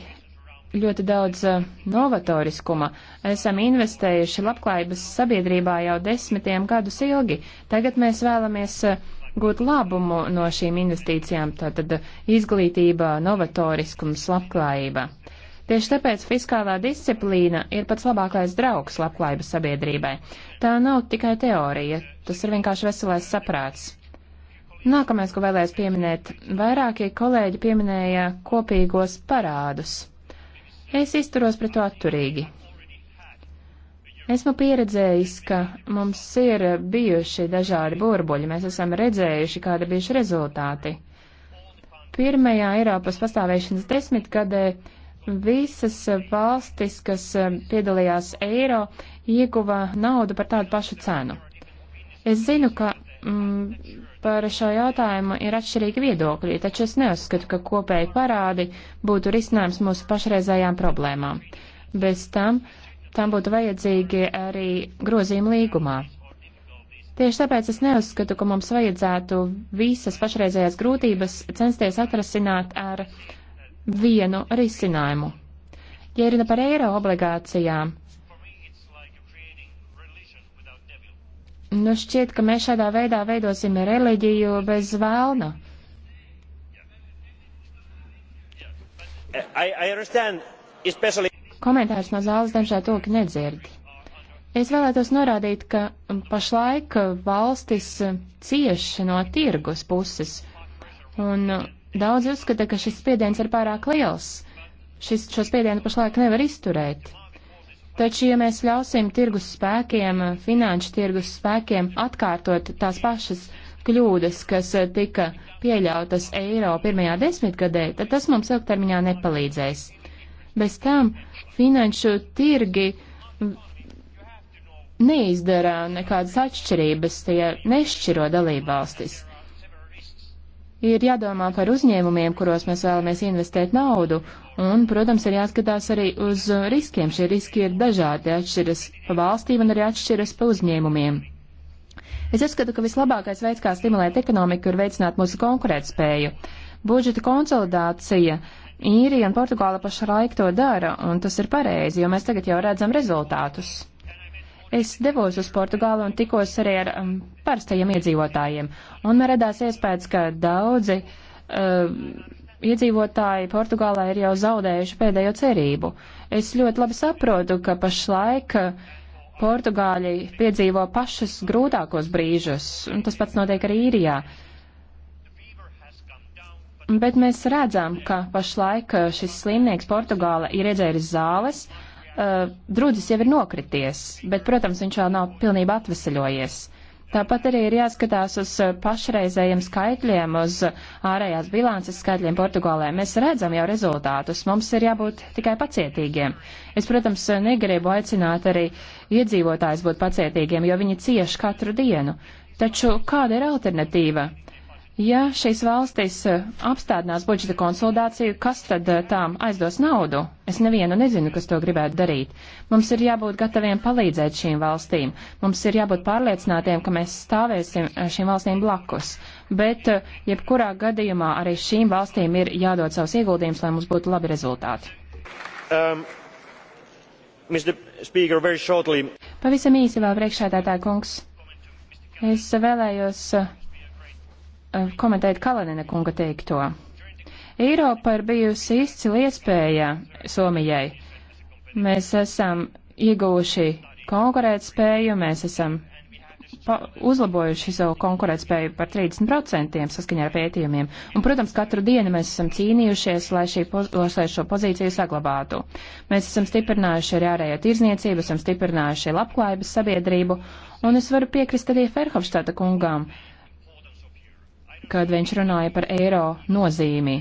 ļoti daudz e, novatoriskuma. Esam investējuši labklājības sabiedrībā jau desmitiem gadus ilgi. Tagad mēs vēlamies uh, gūt labumu no šīm investīcijām, tātad izglītība, novatoriskums, labklājība. Tieši tāpēc fiskālā disciplīna ir pats labākais draugs labklājības sabiedrībai. Tā nav tikai teorija, tas ir vienkārši veselais saprāts. Nākamais, ko vēlēs pieminēt, vairākie kolēģi pieminēja kopīgos parādus. Es izturos pret to atturīgi. Esmu pieredzējis, ka mums ir bijuši dažādi burbuļi, mēs esam redzējuši, kāda bijuši rezultāti. Pirmajā Eiropas pastāvēšanas desmitgadē visas valstis, kas piedalījās eiro, ieguva naudu par tādu pašu cenu. Es zinu, ka mm, par šo jautājumu ir atšķirīgi viedokļi, taču es neuzskatu, ka kopēji parādi būtu risinājums mūsu pašreizējām problēmām. Bez tam tam būtu vajadzīgi arī grozījumi līgumā. Tieši tāpēc es neuzskatu, ka mums vajadzētu visas pašreizējās grūtības censties atrasināt ar vienu risinājumu. Ja ir ne par eiro obligācijām, nu šķiet, ka mēs šādā veidā veidosim reliģiju bez vēlna. I, I especially... Komentārs no zāles diemžēl tūki nedzird. Es vēlētos norādīt, ka pašlaik valstis cieš no tirgus puses, un daudz uzskata, ka šis spiediens ir pārāk liels. Šis, šo spiedienu pašlaik nevar izturēt. Taču, ja mēs ļausim tirgus spēkiem, finanšu tirgus spēkiem atkārtot tās pašas kļūdas, kas tika pieļautas eiro pirmajā desmitgadē, tad tas mums ilgtermiņā nepalīdzēs. Bez tam finanšu tirgi neizdara nekādas atšķirības, tie nešķiro dalībvalstis. Ir jādomā par uzņēmumiem, kuros mēs vēlamies investēt naudu, un, protams, ir jāskatās arī uz riskiem. Šie riski ir dažādi, atšķiras pa valstīm un arī atšķiras pa uzņēmumiem. Es uzskatu, ka vislabākais veids, kā stimulēt ekonomiku, ir veicināt mūsu konkurētspēju. Budžeta konsolidācija uh, Īrija un Portugāla pašlaik to dara, un tas ir pareizi, jo mēs tagad jau redzam rezultātus. Es devos uz Portugālu un tikos arī ar um, parastajiem iedzīvotājiem, un man radās iespējas, ka daudzi uh, iedzīvotāji Portugālā ir jau zaudējuši pēdējo cerību. Es ļoti labi saprotu, ka pašlaik uh, Portugāļi piedzīvo pašus grūtākos brīžus, un tas pats notiek arī Īrijā. Uh, Bet mēs redzam, ka pašlaik eh, šis slimnieks Portugāla ir iedzēris zāles, eh, drudzis jau ir nokrities, bet, protams, viņš vēl nav pilnībā atvesaļojies. Tāpat arī ir jāskatās uz eh, pašreizējiem skaitļiem, uz ārējās bilances skaitļiem Portugālē. Mēs redzam jau rezultātus, mums ir jābūt tikai pacietīgiem. Es, protams, negribu aicināt arī iedzīvotājs būt pacietīgiem, jo viņi cieši katru dienu. Taču kāda ir alternatīva? Ja šīs valstis eh, apstādinās budžeta konsolidāciju, kas tad eh, tām aizdos naudu? Es nevienu nezinu, kas to gribētu darīt. Mums ir jābūt gataviem palīdzēt šīm valstīm. Mums ir jābūt pārliecinātiem, ka mēs stāvēsim eh, šīm valstīm blakus. Bet jebkurā gadījumā arī šīm valstīm ir jādod savus ieguldījumus, lai mums būtu labi rezultāti. Um. Speaker, Pavisam īsi vēl priekšētātā kungs. Es vēlējos uh, Eh, komentēt Kalanina kunga teikto. Eiropa ir bijusi izcili iespēja Somijai. Mēs esam ieguvuši konkurētspēju, mēs esam uzlabojuši savu konkurētspēju par 30% saskaņā ar pētījumiem. Un, protams, katru dienu mēs esam cīnījušies, lai, šī, lai šo pozīciju saglabātu. Mēs esam stiprinājuši arī ārējo tirzniecību, esam stiprinājuši labklājības sabiedrību, un es varu piekrist arī Ferhofštata kungām. Uh, kad viņš runāja par eiro nozīmi.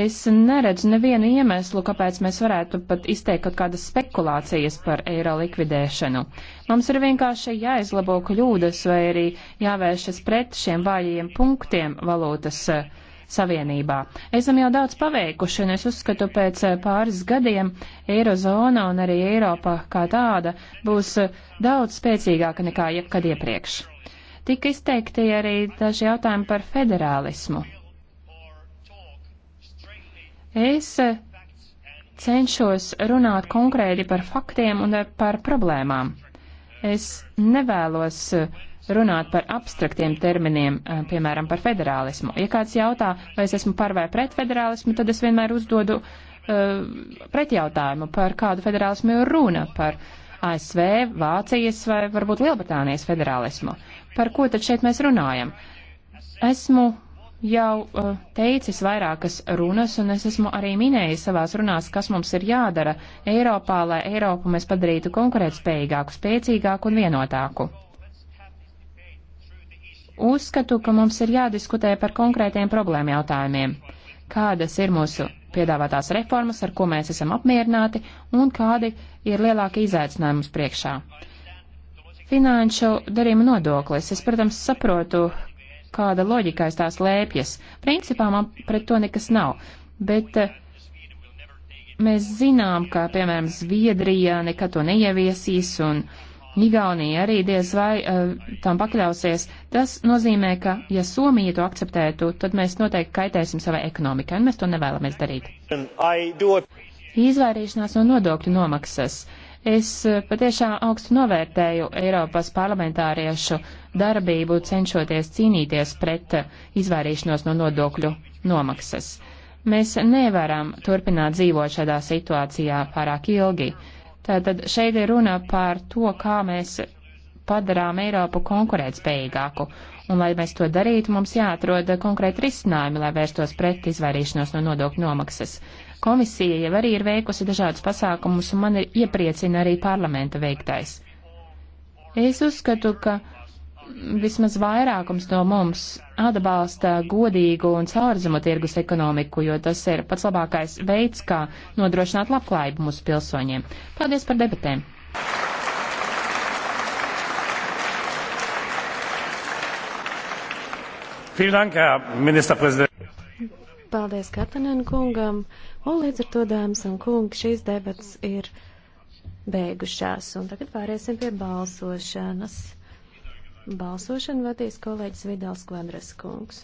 Es neredzu nevienu iemeslu, kāpēc mēs varētu pat izteikt kaut kādas spekulācijas par eiro likvidēšanu. Mums ir vienkārši jāizlabo kļūdas vai arī jāvēršas pret šiem vājajiem punktiem valūtas uh, Savienībā. Esam jau daudz paveikuši, un es uzskatu, pēc eh, pāris gadiem Eirozona un arī Eiropa kā tāda būs eh, daudz spēcīgāka nekā jebkad iepriekš. Tika izteikti arī daži jautājumi par federālismu. Es eh, cenšos runāt konkrēti par faktiem un eh, par problēmām. Es nevēlos eh, runāt par abstraktiem terminiem, piemēram, par federālismu. Ja kāds jautā, vai es esmu par vai pret federālismu, tad es vienmēr uzdodu uh, pretjautājumu, par kādu federālismu ir runa, par ASV, Vācijas vai varbūt Lielbritānijas federālismu. Par ko tad šeit mēs runājam? Esmu jau uh, teicis vairākas runas, un es esmu arī minējis savās runās, kas mums ir jādara Eiropā, lai Eiropu mēs padarītu konkurētspējīgāku, spēcīgāku un vienotāku. Uzskatu, ka mums ir jādiskutē par konkrētiem problēmu jautājumiem. Kādas ir mūsu piedāvātās reformas, ar ko mēs esam apmierināti, un kādi ir lielāki izaicinājumi mums priekšā. Finanšu darījuma nodoklis. Es, protams, saprotu, kāda loģika aiz tās lēpjas. Principā man pret to nekas nav. Bet eh, mēs zinām, ka, piemēram, Zviedrija nekad to neieviesīs un Igaunija arī diez vai uh, tam pakļausies. Tas nozīmē, ka, ja Somija to akceptētu, tad mēs noteikti kaitēsim savai ekonomikai, un mēs to nevēlamies darīt. Do... Izvairīšanās no nodokļu nomaksas. Uh, Es eh, patiešām augstu novērtēju Eiropas parlamentāriešu darbību cenšoties cīnīties pret eh, izvairīšanos no nodokļu nomaksas. Mēs nevaram turpināt dzīvot šādā situācijā pārāk ilgi. Tātad šeit ir runa par to, kā mēs padarām Eiropu konkurētspējīgāku. Un, lai mēs to darītu, mums jāatrod konkrēti risinājumi, lai vērstos pret izvairīšanos no nodokļu nomaksas komisija jau arī ir veikusi dažādus pasākumus, un man ir iepriecina arī parlamenta veiktais. Es uzskatu, ka vismaz vairākums no mums atbalsta godīgu un caurzemu tirgus ekonomiku, jo tas ir pats labākais veids, kā nodrošināt labklājību mūsu pilsoņiem. Paldies par debatēm! Paldies, Katanēn kungam! Un līdz ar to, dāmas un kungi, šīs debats ir beigušās. Un tagad pāriesim pie balsošanas. Balsošanu vadīs kolēģis Vidāls Kvadras kungs.